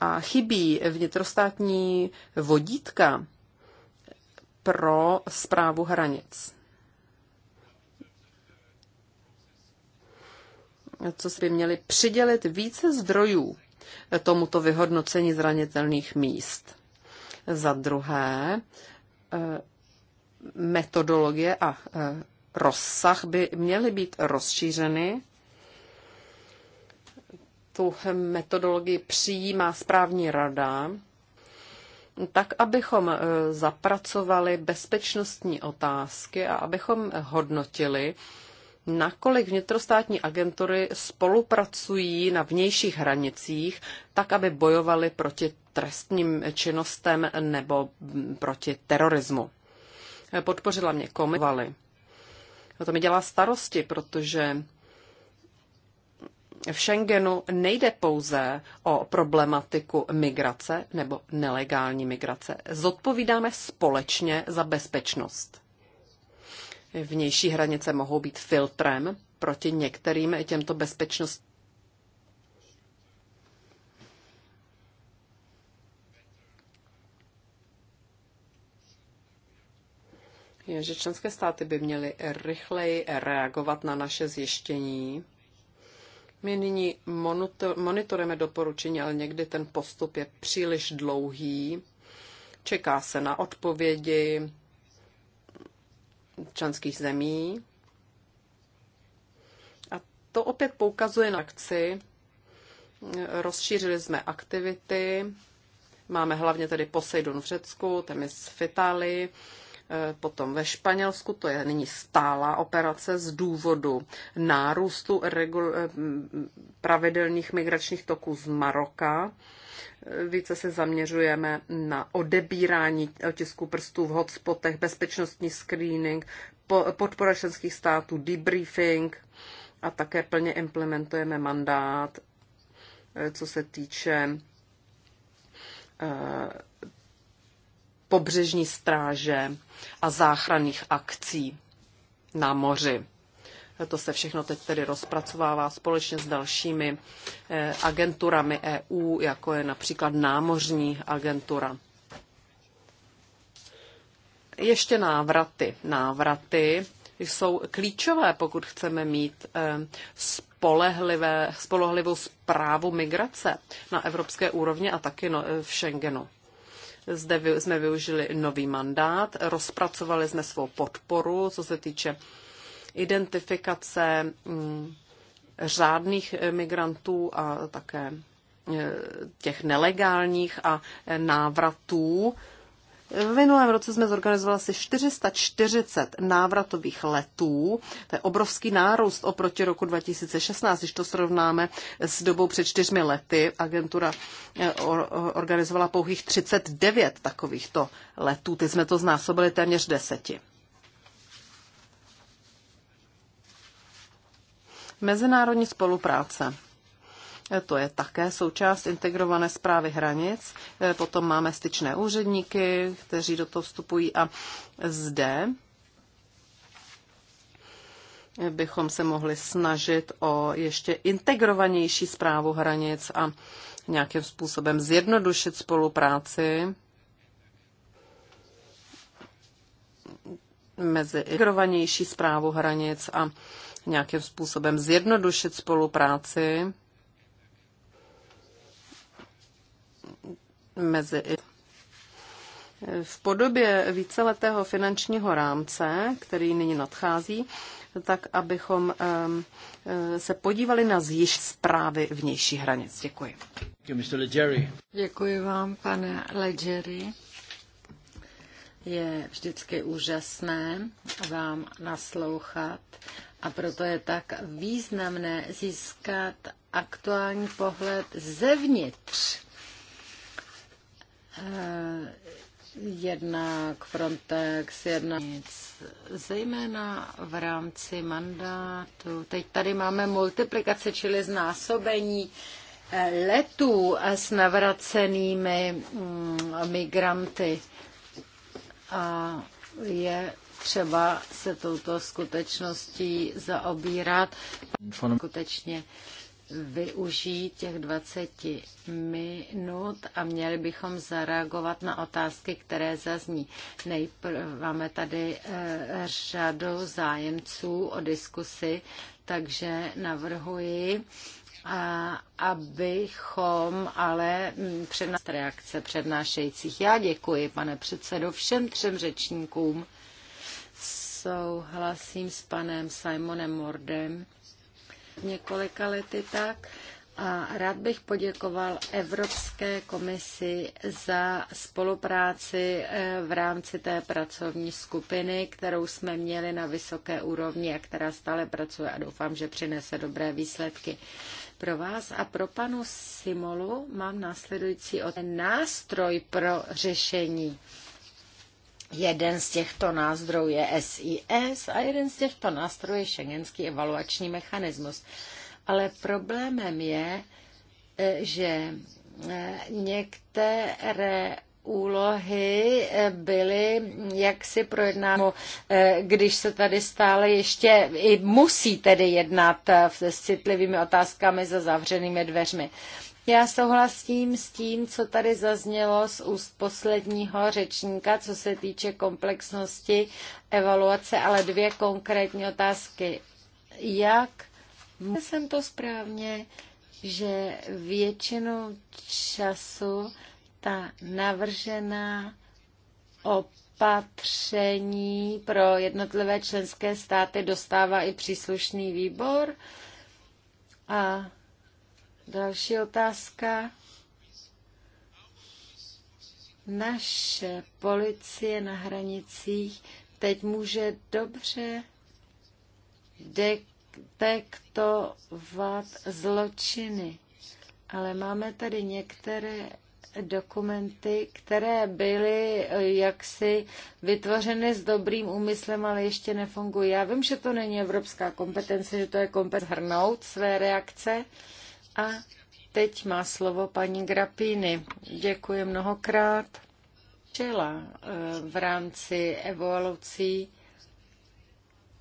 a chybí vnitrostátní vodítka pro zprávu hranic. Co by měli přidělit více zdrojů tomuto vyhodnocení zranitelných míst. Za druhé, eh, metodologie a eh, rozsah by měly být rozšířeny tu metodologii přijímá správní rada, tak abychom e, zapracovali bezpečnostní otázky a abychom hodnotili, nakolik vnitrostátní agentury spolupracují na vnějších hranicích, tak aby bojovali proti trestním činnostem nebo proti terorismu. E, podpořila mě komovali. No to mi dělá starosti, protože v Schengenu nejde pouze o problematiku migrace nebo nelegální migrace. Zodpovídáme společně za bezpečnost. Vnější hranice mohou být filtrem proti některým těmto bezpečnost je, že členské státy by měly rychleji reagovat na naše zjištění my nyní monitorujeme doporučení, ale někdy ten postup je příliš dlouhý. Čeká se na odpovědi členských zemí. A to opět poukazuje na akci. Rozšířili jsme aktivity. Máme hlavně tedy Poseidon v Řecku, Temis v Itálii Eh, potom ve Španělsku to je nyní stálá operace z důvodu nárůstu eh, pravidelných migračních toků z Maroka. Eh, více se zaměřujeme na odebírání otisků prstů v hotspotech, bezpečnostní screening, podpora členských států, debriefing a také plně implementujeme mandát, co se týče pobřežní stráže a záchranných akcí na moři. To se všechno teď tedy rozpracovává společně s dalšími eh, agenturami EU, jako je například námořní agentura. Ještě návraty. Návraty jsou klíčové, pokud chceme mít eh, spolehlivou zprávu migrace na evropské úrovni a taky no, eh, v Schengenu. Zde jsme využili nový mandát, rozpracovali jsme svou podporu, co se týče identifikace mm, řádných eh, migrantů a také eh, těch nelegálních a eh, návratů v minulém roce jsme zorganizovali asi 440 návratových letů. To je obrovský nárůst oproti roku 2016, když to srovnáme s dobou před čtyřmi lety. Agentura eh, organizovala pouhých 39 takovýchto letů. Ty jsme to znásobili téměř deseti. Mezinárodní spolupráce to je také součást integrované zprávy hranic. Eh, Potom máme styčné úředníky, kteří do toho vstupují a zde bychom se mohli snažit o ještě integrovanější zprávu hranic a nějakým způsobem zjednodušit spolupráci mezi integrovanější zprávu hranic a nějakým způsobem zjednodušit spolupráci mezi v podobě víceletého finančního rámce, který nyní nadchází, tak abychom e, se podívali na zjiš zprávy vnější hranic. Děkuji. Děkuji vám, pane Ledgeri. Je vždycky úžasné vám naslouchat a proto je tak významné získat aktuální pohled zevnitř Eh, jednak Frontex, jedna nic. Zejména v rámci mandátu. Teď tady máme multiplikace, čili znásobení eh, letů eh, s navracenými mm, migranty. A je třeba se touto skutečností zaobírat. Skutečně využít těch 20 minut a měli bychom zareagovat na otázky, které zazní. Nejprve máme tady eh, řadu zájemců o diskusi, takže navrhuji, a eh, abychom ale mm, přednášeli reakce přednášejících. Já děkuji, pane předsedo, všem třem řečníkům. Souhlasím s panem Simonem Mordem několika lety tak. A rád bych poděkoval Evropské komisi za spolupráci eh, v rámci té pracovní skupiny, kterou jsme měli na vysoké úrovni a která stále pracuje a doufám, že přinese dobré výsledky. Pro vás a pro panu Simolu mám následující od... nástroj pro řešení Jeden z těchto nástrojů je SIS a jeden z těchto nástrojů je šengenský evaluační mechanismus. Ale problémem je, eh, že eh, některé úlohy eh, byly hm, jaksi projednáno, když se tady stále ještě i musí tedy jednat s citlivými otázkami za zavřenými dveřmi. Já souhlasím s tím, co tady zaznělo z úst posledního řečníka, co se týče komplexnosti evaluace, ale dvě konkrétní otázky. Jak jsem to správně, že většinu času ta navržená opatření pro jednotlivé členské státy dostává i příslušný výbor. A Další otázka. Naše policie na hranicích teď může dobře detektovat zločiny, ale máme tady některé dokumenty, které byly jaksi vytvořeny s dobrým úmyslem, ale ještě nefungují. Já vím, že to není evropská kompetence, že to je kompetence hrnout své reakce, a teď má slovo paní Grapíny. Děkuji mnohokrát. Čela eh, v rámci evolucí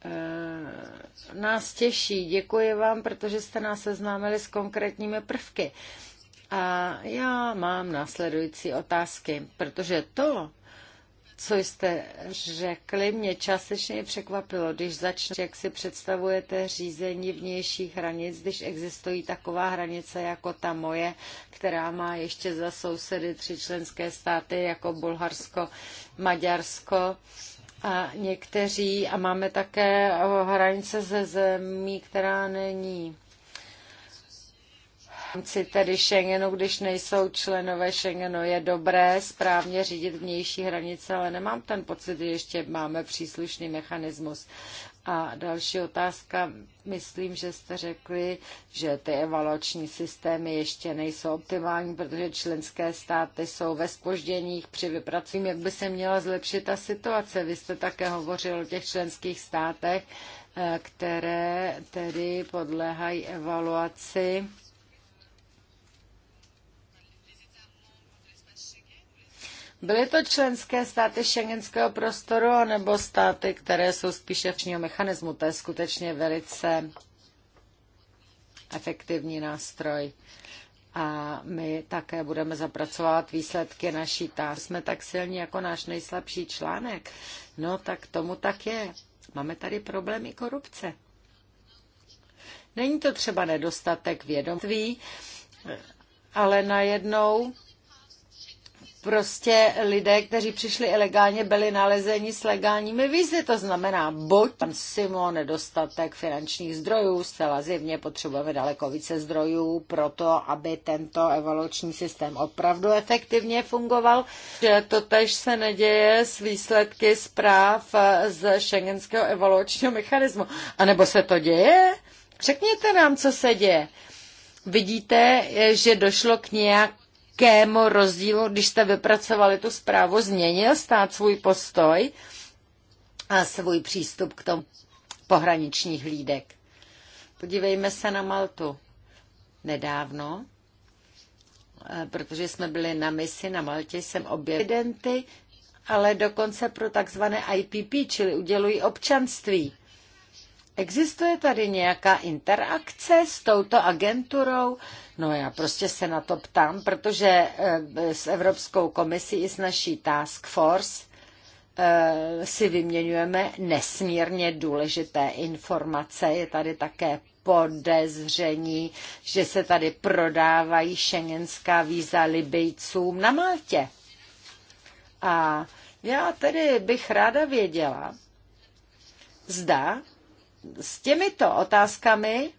eh, nás těší. Děkuji vám, protože jste nás seznámili s konkrétními prvky. A já mám následující otázky, protože to, co jste řekli, mě částečně překvapilo, když začne, jak si představujete řízení vnějších hranic, když existují taková hranice jako ta moje, která má ještě za sousedy tři členské státy jako Bulharsko, Maďarsko a někteří, a máme také eh, hranice ze zemí, která není rámci tedy Schengenu, když nejsou členové Schengenu, je dobré správně řídit vnější hranice, ale nemám ten pocit, že ještě máme příslušný mechanismus. A další otázka, myslím, že jste řekli, že ty evaluační systémy ještě nejsou optimální, protože členské státy jsou ve spožděních při vypracování. Jak by se měla zlepšit ta situace? Vy jste také hovořil o těch členských státech, eh, které tedy podléhají evaluaci Byly to členské státy šengenského prostoru nebo státy, které jsou spíše včního mechanismu? To je skutečně velice efektivní nástroj. A my také budeme zapracovat výsledky naší tá. Jsme tak silní jako náš nejslabší článek. No tak tomu tak je. Máme tady problémy korupce. Není to třeba nedostatek vědomství, ale najednou prostě lidé, kteří přišli ilegálně, byli nalezeni s legálními vízy. To znamená, buď pan Simo nedostatek finančních zdrojů, zcela zjevně potřebujeme daleko více zdrojů pro to, aby tento evoluční systém opravdu efektivně fungoval. Že to tež se neděje s výsledky zpráv z šengenského evolučního mechanismu. A nebo se to děje? Řekněte nám, co se děje. Vidíte, že došlo k nějak velkému rozdílu, když jste vypracovali tu zprávu, změnil stát svůj postoj a svůj přístup k tomu pohraničních hlídek. Podívejme se na Maltu. Nedávno, eh, protože jsme byli na misi na Maltě, jsem objevil ale dokonce pro takzvané IPP, čili udělují občanství. Existuje tady nějaká interakce s touto agenturou? No já prostě se na to ptám, protože eh, s Evropskou komisí i s naší task force eh, si vyměňujeme nesmírně důležité informace. Je tady také podezření, že se tady prodávají šengenská víza Libijcům na Maltě. A já tedy bych ráda věděla, zda s těmito otázkami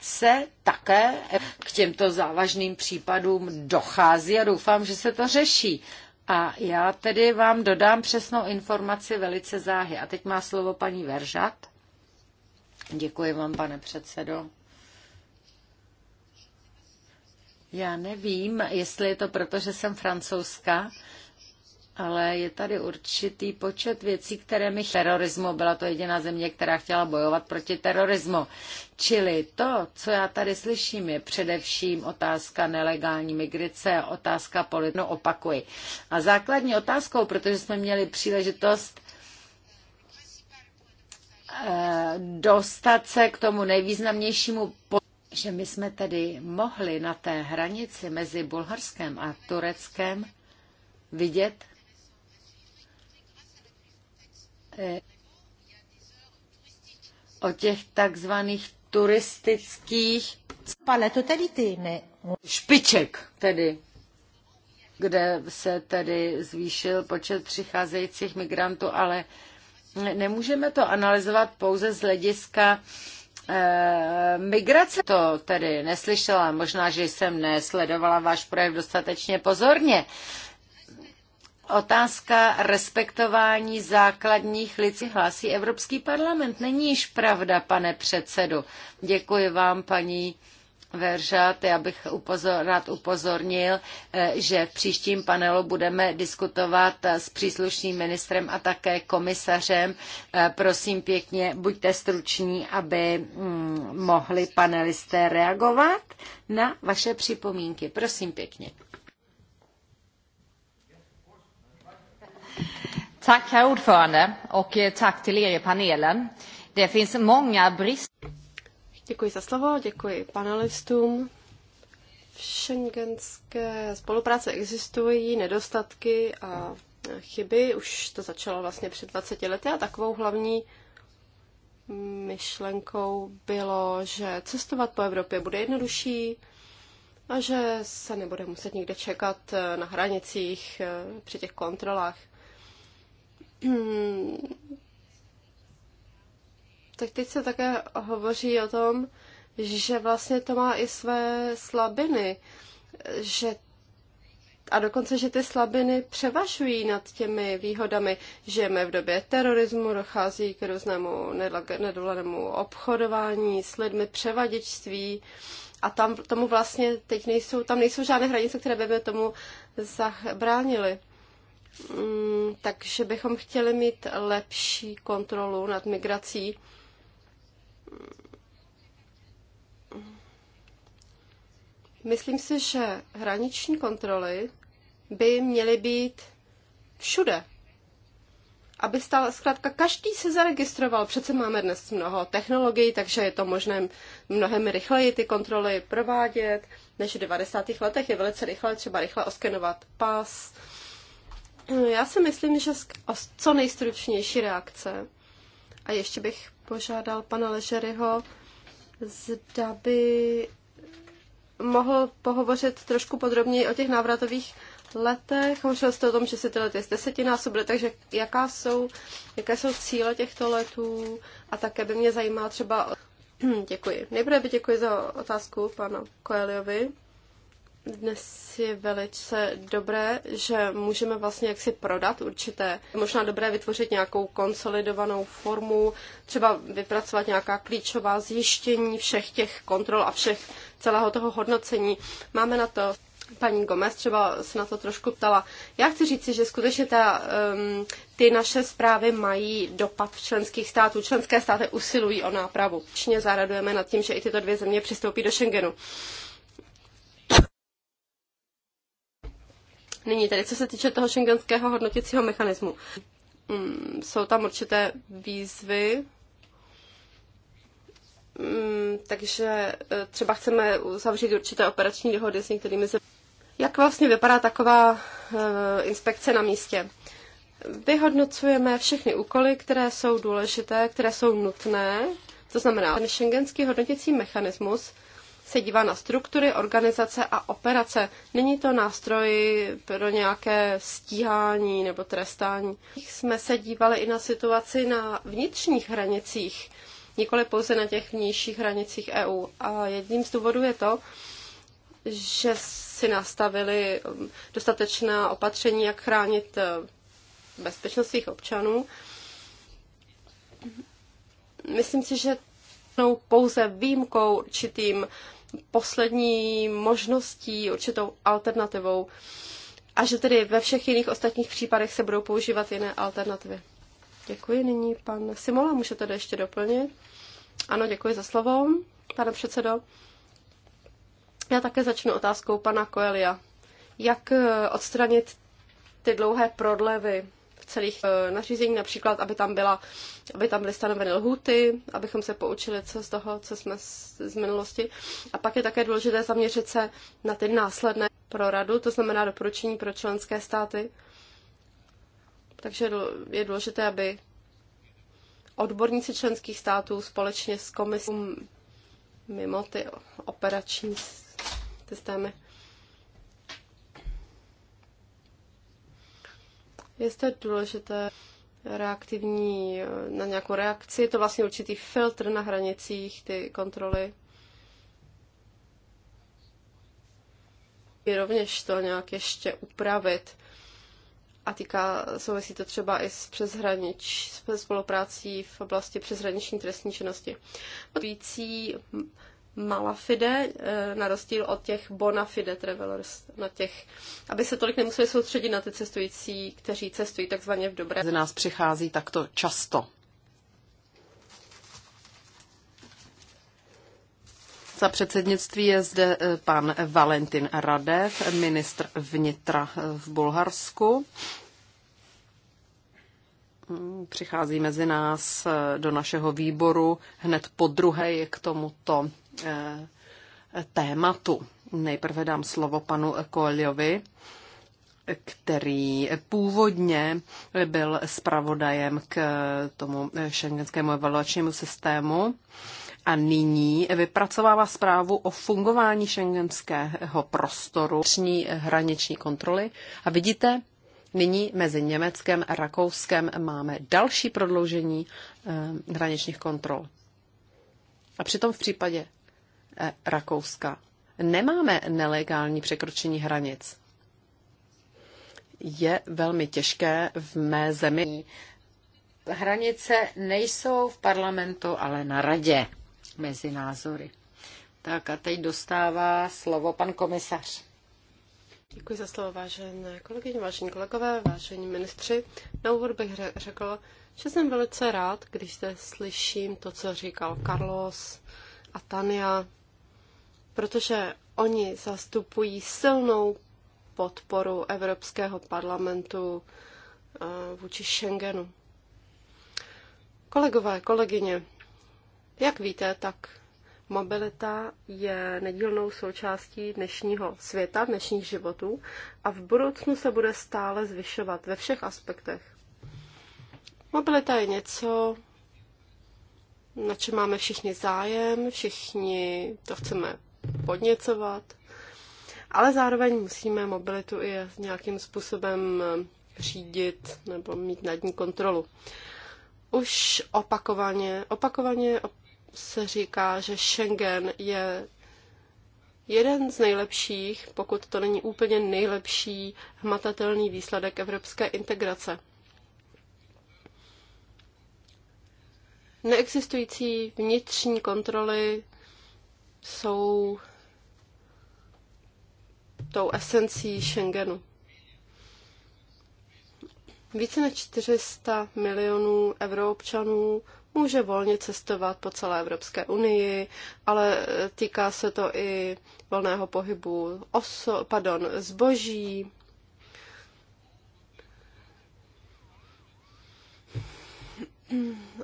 se také k těmto závažným případům dochází a doufám, že se to řeší. A já tedy vám dodám přesnou informaci velice záhy. A teď má slovo paní Veržat. Děkuji vám, pane předsedo. Já nevím, jestli je to proto, že jsem francouzská, ale je tady určitý počet věcí, které mi terorismu, byla to jediná země, která chtěla bojovat proti terorismu. Čili to, co já tady slyším, je především otázka nelegální migrace, otázka politiky, no opakuji. A základní otázkou, protože jsme měli příležitost eh, dostat se k tomu nejvýznamnějšímu že my jsme tedy mohli na té hranici mezi Bulharskem a Tureckem vidět Eh, o těch takzvaných turistických špiček tedy kde se tedy zvýšil počet přicházejících migrantů, ale nemůžeme to analyzovat pouze z hlediska eh, migrace. To tedy neslyšela, možná, že jsem nesledovala váš projev dostatečně pozorně, Otázka respektování základních lidských hlásí Evropský parlament. Není již pravda, pane předsedu. Děkuji vám, paní Veržat, já bych upozor, rád upozornil, eh, že v příštím panelu budeme diskutovat eh, s příslušným ministrem a také komisařem. Eh, prosím pěkně, buďte struční, aby mm, mohli panelisté reagovat na vaše připomínky. Prosím pěkně. Tack, herr ordförande, och eh, tack till er i panelen. Det finns många brister. Děkuji za slovo, děkuji panelistům. V šengenské spolupráci existují nedostatky a chyby. Už to začalo vlastně před 20 lety a takovou hlavní myšlenkou bylo, že cestovat po Evropě bude jednodušší a že se nebude muset nikde čekat eh, na hranicích eh, při těch kontrolách. Hmm. tak teď se také hovoří o tom, že vlastně to má i své slabiny, že a dokonce, že ty slabiny převažují nad těmi výhodami. Žijeme v době terorismu, dochází k různému nedovolenému obchodování s lidmi, převaděčství a tam tomu vlastně teď nejsou, tam nejsou žádné hranice, které by, by tomu zabránily. Mm, takže bychom chtěli mít lepší kontrolu nad migrací. Myslím si, že hraniční kontroly by měly být všude. Aby stále, zkrátka každý se zaregistroval. Přece máme dnes mnoho technologií, takže je to možné mnohem rychleji ty kontroly provádět, než v 90. letech je velice rychle třeba rychle oskenovat pas, já si myslím, že co nejstručnější reakce. A ještě bych požádal pana Ležeryho, zda by mohl pohovořit trošku podrobněji o těch návratových letech. Hovořil jste o tom, že si ty lety z desetinásobily, takže jaká jsou, jaké jsou cíle těchto letů a také by mě zajímalo třeba... *clears throat* Děkuji. Nejprve by děkuji za otázku pana Koeliovi dnes je velice dobré, že můžeme vlastně jaksi prodat určité, možná dobré vytvořit nějakou konsolidovanou formu, třeba vypracovat nějaká klíčová zjištění všech těch kontrol a všech celého toho hodnocení. Máme na to paní Gomez třeba se na to trošku ptala. Já chci říci, že skutečně ta, um, ty naše zprávy mají dopad v členských států. Členské státy usilují o nápravu. Čně zaradujeme nad tím, že i tyto dvě země přistoupí do Schengenu. Nyní tedy, co se týče toho šengenského hodnotícího mechanismu. Mm, jsou tam určité výzvy, mm, takže e, třeba chceme uzavřít určité operační dohody s některými zemí. Jak vlastně vypadá taková e, inspekce na místě? Vyhodnocujeme všechny úkoly, které jsou důležité, které jsou nutné. To znamená, ten šengenský hodnotící mechanismus se dívá na struktury, organizace a operace. Není to nástroj pro nějaké stíhání nebo trestání. Jsme se dívali i na situaci na vnitřních hranicích, nikoli pouze na těch vnějších hranicích EU. A jedním z důvodů je to, že si nastavili um, dostatečná opatření, jak chránit uh, bezpečnost svých občanů. Myslím si, že pouze výjimkou určitým poslední možností, určitou alternativou a že tedy ve všech jiných ostatních případech se budou používat jiné alternativy. Děkuji. Nyní pan Simola, můžete to ještě doplnit? Ano, děkuji za slovo, pane předsedo. Já také začnu otázkou pana Koelia. Jak eh, odstranit ty dlouhé prodlevy celých eh, nařízení, například, aby tam, byla, aby tam byly stanoveny lhuty, abychom se poučili co z toho, co jsme z, z minulosti. A pak je také důležité zaměřit se na ty následné pro radu, to znamená doporučení pro členské státy. Takže je důležité, aby odborníci členských států společně s komisí mimo ty operační systémy Je to důležité reaktivní, eh, na nějakou reakci, je to vlastně určitý filtr na hranicích, ty kontroly. Je rovněž to nějak ještě upravit. A týká, souvisí to třeba i s přeshranič, s spoluprácí v oblasti přeshraniční trestní činnosti. Vící malafide, eh, na rozdíl od těch bona fide travelers, na těch, aby se tolik nemuseli soustředit na ty cestující, kteří cestují takzvaně v dobré. Z nás přichází takto často. Za předsednictví je zde eh, pan Valentin Radev, ministr vnitra eh, v Bulharsku. Mm, přichází mezi nás do našeho výboru hned po druhé k tomuto Eh, tématu. Nejprve dám slovo panu Koeljovi, který původně byl zpravodajem k tomu šengenskému evaluačnímu systému a nyní vypracovává zprávu o fungování šengenského prostoru vnitřní hraniční kontroly. A vidíte, nyní mezi Německem a Rakouskem máme další prodloužení eh, hraničních kontrol. A přitom v případě Eh, Rakouska. Nemáme nelegální překročení hranic. Je velmi těžké v mé zemi. Hranice nejsou v parlamentu, ale na radě mezi názory. Tak a teď dostává slovo pan komisař. Děkuji za slovo, vážené kolegyně, vážení kolegové, vážení ministři. Na úvod bych řekl, že jsem velice rád, když zde slyším to, co říkal Carlos a Tania protože oni zastupují silnou podporu Evropského parlamentu eh, vůči Schengenu. Kolegové, kolegyně, jak víte, tak mobilita je nedílnou součástí dnešního světa, dnešních životů a v budoucnu se bude stále zvyšovat ve všech aspektech. Mobilita je něco, na čem máme všichni zájem, všichni to chceme podněcovat, ale zároveň musíme mobilitu i nějakým způsobem řídit nebo mít nad ní kontrolu. Už opakovaně, opakovaně se říká, že Schengen je jeden z nejlepších, pokud to není úplně nejlepší, hmatatelný výsledek evropské integrace. Neexistující vnitřní kontroly jsou tou esencí Schengenu. Více než 400 milionů euroobčanů může volně cestovat po celé Evropské unii, ale týká se to i volného pohybu oso- pardon, zboží,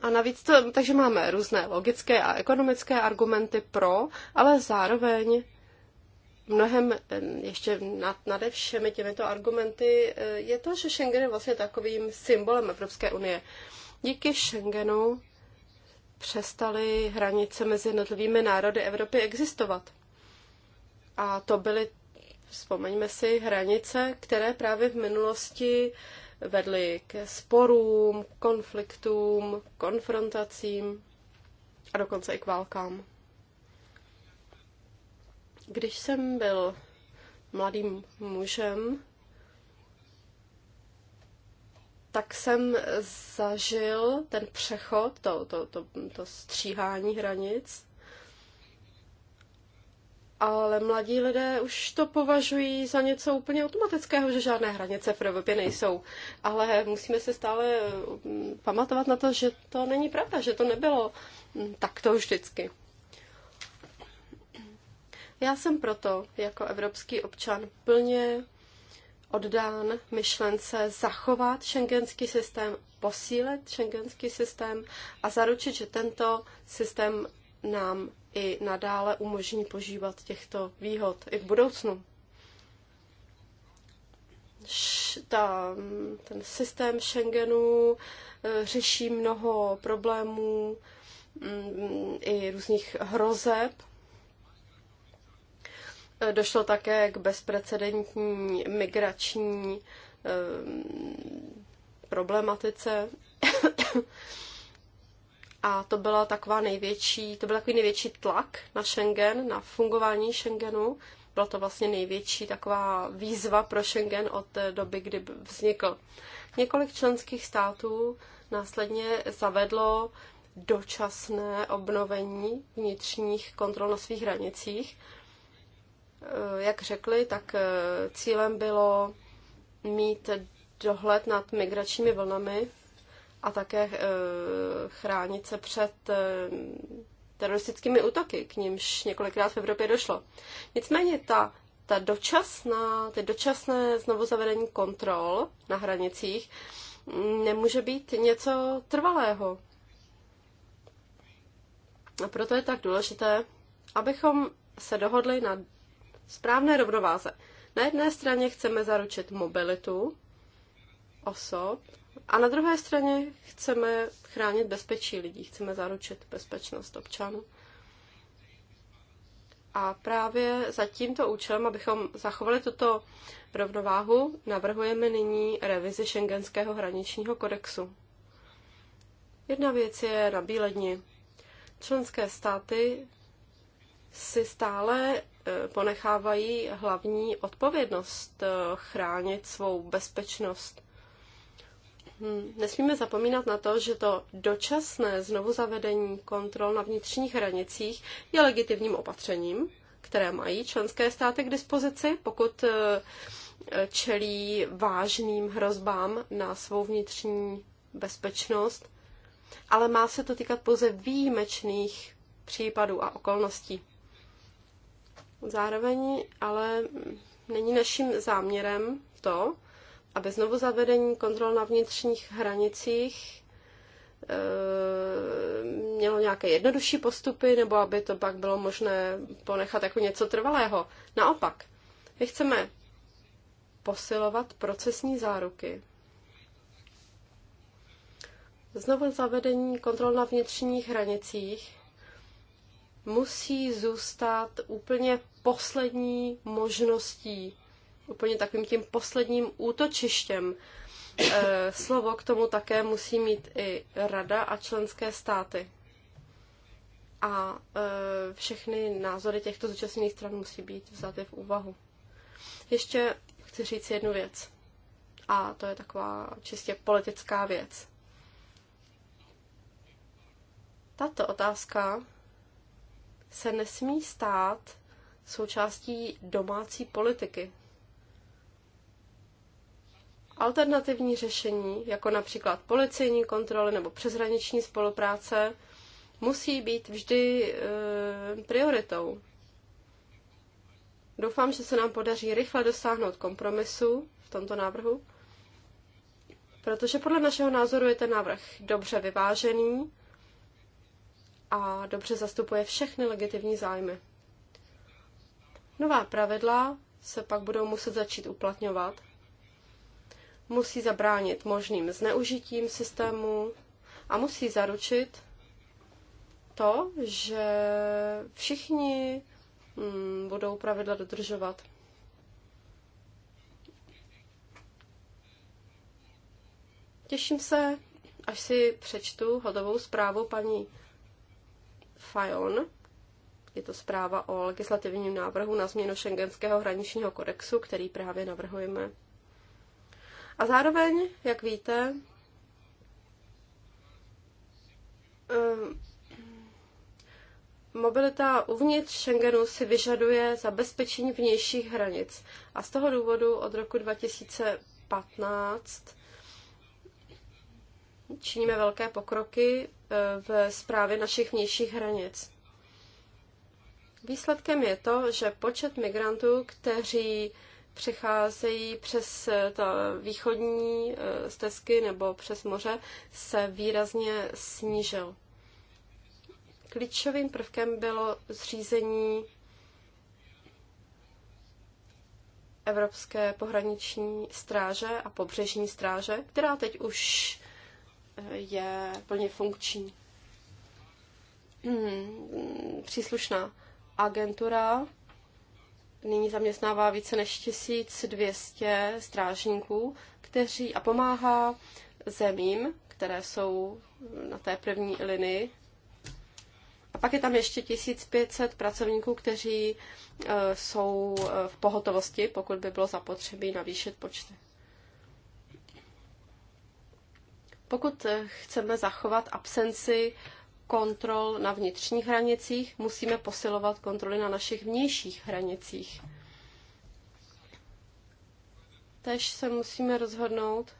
A navíc to, takže máme různé logické a ekonomické argumenty pro, ale zároveň mnohem ještě nad, nade všemi těmito argumenty e, je to, že Schengen je vlastně takovým symbolem Evropské unie. Díky Schengenu přestaly hranice mezi jednotlivými národy Evropy existovat. A to byly, vzpomeňme si, hranice, které právě v minulosti vedly ke sporům, konfliktům, konfrontacím a dokonce i k válkám. Když jsem byl mladým mužem, tak jsem zažil ten přechod, to, to, to, to stříhání hranic ale mladí lidé už to považují za něco úplně automatického, že žádné hranice v Evropě nejsou. Ale musíme se stále mm, pamatovat na to, že to není pravda, že to nebylo mm, takto vždycky. Já jsem proto jako evropský občan plně oddán myšlence zachovat šengenský systém, posílit šengenský systém a zaručit, že tento systém nám i nadále umožní požívat těchto výhod i v budoucnu. Ta, ten systém Schengenu eh, řeší mnoho problémů mm, i různých hrozeb. Eh, došlo také k bezprecedentní migrační eh, problematice. *coughs* A to byla taková největší, to byl takový největší tlak na Schengen, na fungování Schengenu. Byla to vlastně největší taková výzva pro Schengen od doby, kdy vznikl. Několik členských států následně zavedlo dočasné obnovení vnitřních kontrol na svých hranicích. Eh, jak řekli, tak eh, cílem bylo mít dohled nad migračními vlnami a také eh, chránit se před eh, teroristickými útoky, k nímž několikrát v Evropě došlo. Nicméně ta, ta dočasná, ty dočasné znovu zavedení kontrol na hranicích mm, nemůže být něco trvalého. A proto je tak důležité, abychom se dohodli na správné rovnováze. Na jedné straně chceme zaručit mobilitu osob a na druhé straně chceme chránit bezpečí lidí, chceme zaručit bezpečnost občanů. A právě za tímto účelem, abychom zachovali tuto rovnováhu, navrhujeme nyní revizi šengenského hraničního kodexu. Jedna věc je na bíledni. Členské státy si stále e, ponechávají hlavní odpovědnost e, chránit svou bezpečnost Hm, nesmíme zapomínat na to, že to dočasné znovuzavedení kontrol na vnitřních hranicích je legitimním opatřením, které mají členské státy k dispozici, pokud eh, čelí vážným hrozbám na svou vnitřní bezpečnost, ale má se to týkat pouze výjimečných případů a okolností. Zároveň ale není naším záměrem to, bez znovu zavedení kontrol na vnitřních hranicích eh, mělo nějaké jednodušší postupy, nebo aby to pak bylo možné ponechat jako něco trvalého. Naopak, my chceme posilovat procesní záruky. Znovu zavedení kontrol na vnitřních hranicích musí zůstat úplně poslední možností úplně takovým tím posledním útočištěm. E, slovo k tomu také musí mít i rada a členské státy. A e, všechny názory těchto zúčastněných stran musí být vzaty v úvahu. Ještě chci říct jednu věc. A to je taková čistě politická věc. Tato otázka se nesmí stát součástí domácí politiky. Alternativní řešení, jako například policejní kontroly nebo přeshraniční spolupráce, musí být vždy e, prioritou. Doufám, že se nám podaří rychle dosáhnout kompromisu v tomto návrhu, protože podle našeho názoru je ten návrh dobře vyvážený a dobře zastupuje všechny legitimní zájmy. Nová pravidla se pak budou muset začít uplatňovat musí zabránit možným zneužitím systému a musí zaručit to, že všichni mm, budou pravidla dodržovat. Těším se, až si přečtu hodovou zprávu paní Fajon. Je to zpráva o legislativním návrhu na změnu šengenského hraničního kodexu, který právě navrhujeme a zároveň, jak víte, ehm, mobilita uvnitř Schengenu si vyžaduje zabezpečení vnějších hranic. A z toho důvodu od roku 2015 činíme velké pokroky eh, v zprávě našich vnějších hranic. Výsledkem je to, že počet migrantů, kteří přecházejí přes eh, ta východní eh, stezky nebo přes moře, se výrazně snížil. Klíčovým prvkem bylo zřízení Evropské pohraniční stráže a pobřežní stráže, která teď už eh, je plně funkční. Hmm, příslušná agentura nyní zaměstnává více než 1200 strážníků, kteří a pomáhá zemím, které jsou na té první linii. A pak je tam ještě 1500 pracovníků, kteří e, jsou e, v pohotovosti, pokud by bylo zapotřebí navýšit počty. Pokud e, chceme zachovat absenci kontrol na vnitřních hranicích, musíme posilovat kontroly na našich vnějších hranicích. Tež se musíme rozhodnout,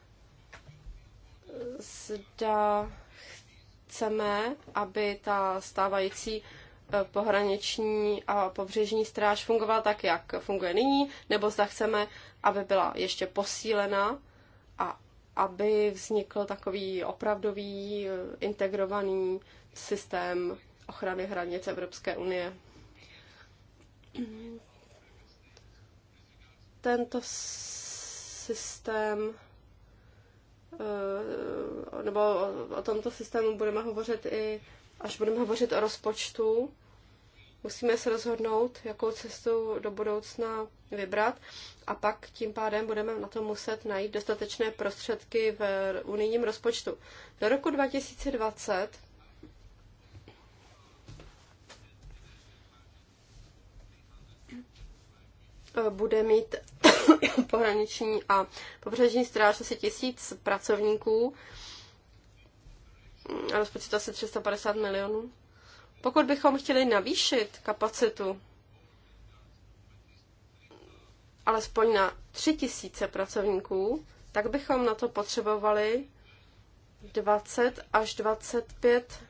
zda chceme, aby ta stávající e, pohraniční a pobřežní stráž fungovala tak, jak funguje nyní, nebo zda chceme, aby byla ještě posílena a aby vznikl takový opravdový e, integrovaný systém ochrany hranic Evropské unie. Tento systém eh, nebo o tomto systému budeme hovořit i, až budeme hovořit o rozpočtu. Musíme se rozhodnout, jakou cestu do budoucna vybrat a pak tím pádem budeme na to muset najít dostatečné prostředky v unijním rozpočtu. Do roku 2020 Eh, bude mít *coughs* pohraniční a pobřežní stráž asi tisíc pracovníků a mm, rozpočet asi 350 milionů. Pokud bychom chtěli navýšit kapacitu alespoň na 3000 pracovníků, tak bychom na to potřebovali 20 až 25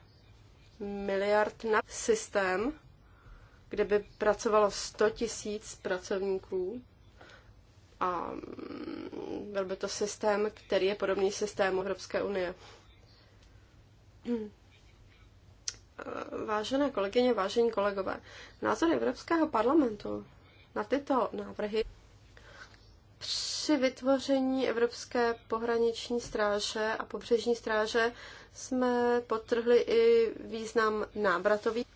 miliard na systém, kde by pracovalo 100 tisíc pracovníků a byl by to systém, který je podobný systému Evropské unie. Vážené kolegyně, vážení kolegové, názor Evropského parlamentu na tyto návrhy při vytvoření Evropské pohraniční stráže a pobřežní stráže jsme potrhli i význam nábratových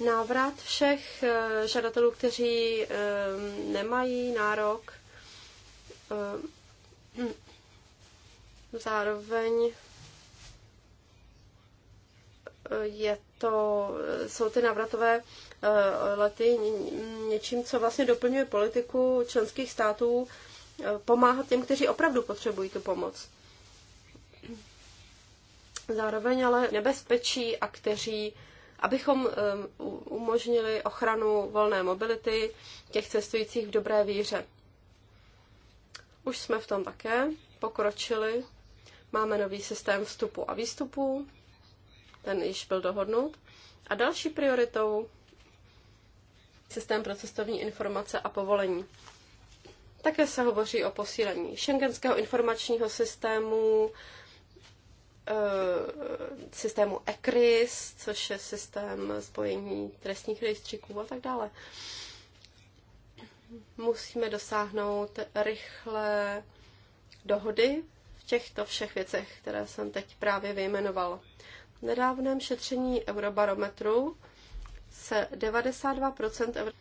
návrat všech eh, žadatelů, kteří eh, nemají nárok. Eh, *clears throat* zároveň je to, jsou ty návratové lety něčím, co vlastně doplňuje politiku členských států pomáhat těm, kteří opravdu potřebují tu pomoc. Zároveň ale nebezpečí a kteří abychom um, umožnili ochranu volné mobility těch cestujících v dobré víře. Už jsme v tom také pokročili. Máme nový systém vstupu a výstupu, ten již byl dohodnut. A další prioritou systém pro cestovní informace a povolení. Také se hovoří o posílení šengenského informačního systému, Eh, systému ECRIS, což je systém spojení trestních rejstříků a tak dále. Musíme dosáhnout rychle dohody v těchto všech věcech, které jsem teď právě vyjmenoval. V nedávném šetření Eurobarometru se 92% euro...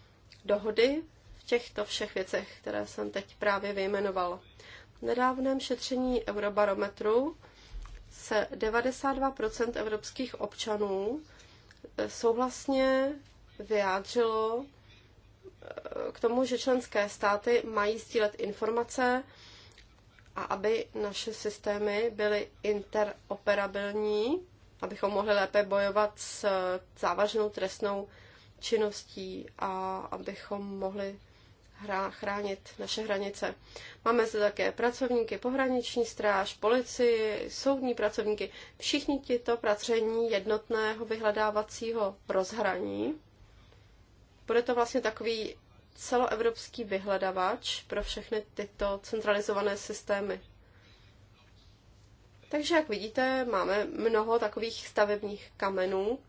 dohody v těchto všech věcech, které jsem teď právě vyjmenoval. V nedávném šetření Eurobarometru se 92 evropských občanů eh, souhlasně vyjádřilo eh, k tomu, že členské státy mají sdílet informace a aby naše systémy byly interoperabilní, abychom mohli lépe bojovat s eh, závažnou trestnou činností a abychom mohli hra, chránit naše hranice. Máme zde také pracovníky, pohraniční stráž, policii, soudní pracovníky. Všichni tito pracení jednotného vyhledávacího rozhraní. Bude to vlastně takový celoevropský vyhledavač pro všechny tyto centralizované systémy. Takže, jak vidíte, máme mnoho takových stavebních kamenů,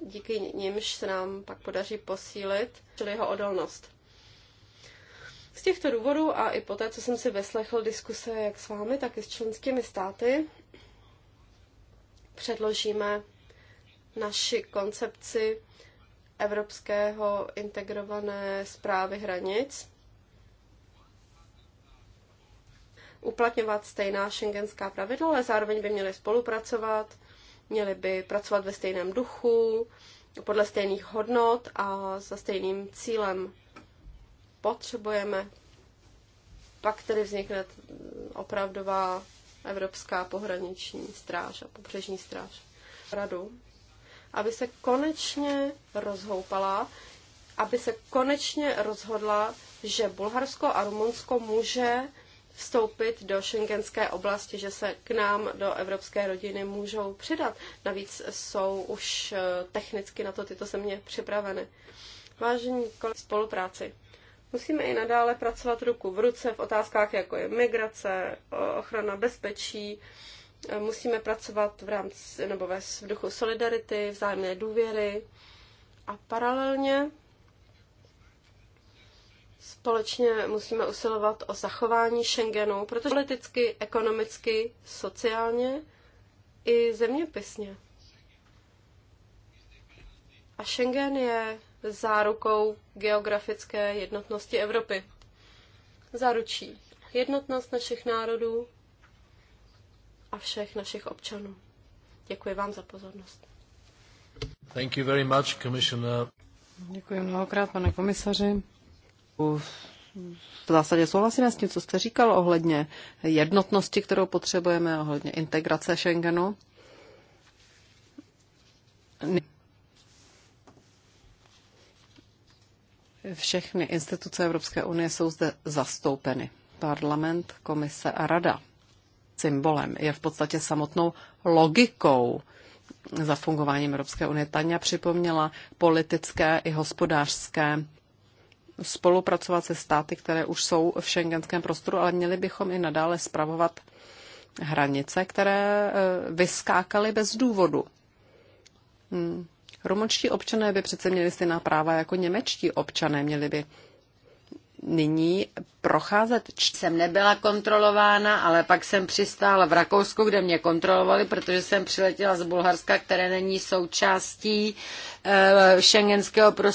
díky nimž se nám pak podaří posílit jeho odolnost. Z těchto důvodů a i poté, co jsem si veslechl diskuse jak s vámi, tak i s členskými státy, předložíme naši koncepci evropského integrované zprávy hranic, uplatňovat stejná šengenská pravidla, ale zároveň by měli spolupracovat, měli by pracovat ve stejném duchu, podle stejných hodnot a za stejným cílem potřebujeme. Pak tedy vznikne opravdová Evropská pohraniční stráž a pobřežní stráž. Radu, aby se konečně rozhoupala, aby se konečně rozhodla, že Bulharsko a Rumunsko může vstoupit do šengenské oblasti, že se k nám do evropské rodiny můžou přidat. Navíc jsou už eh, technicky na to tyto země připraveny. Vážení kolegové, spolupráci. Musíme i nadále pracovat ruku v ruce v otázkách, jako je migrace, ochrana bezpečí. E, musíme pracovat v rámci nebo ve v duchu solidarity, vzájemné důvěry a paralelně společně musíme usilovat o zachování Schengenu, protože politicky, ekonomicky, sociálně i zeměpisně. A Schengen je zárukou geografické jednotnosti Evropy. Zaručí jednotnost našich národů a všech našich občanů. Děkuji vám za pozornost. Thank you very much, Commissioner. Děkuji mnohokrát, pane komisaři. V zásadě souhlasíme s tím, co jste říkal ohledně jednotnosti, kterou potřebujeme, ohledně integrace Schengenu. Všechny instituce Evropské unie jsou zde zastoupeny. Parlament, komise a rada. Symbolem je v podstatě samotnou logikou za fungováním Evropské unie. Tania připomněla politické i hospodářské spolupracovat se státy, které už jsou v šengenském prostoru, ale měli bychom i nadále spravovat hranice, které eh, vyskákaly bez důvodu. Hmm. Rumunští občané by přece měli stejná práva jako němečtí občané, měli by nyní procházet. Jsem nebyla kontrolována, ale pak jsem přistála v Rakousku, kde mě kontrolovali, protože jsem přiletěla z Bulharska, které není součástí e, eh, šengenského prostředí.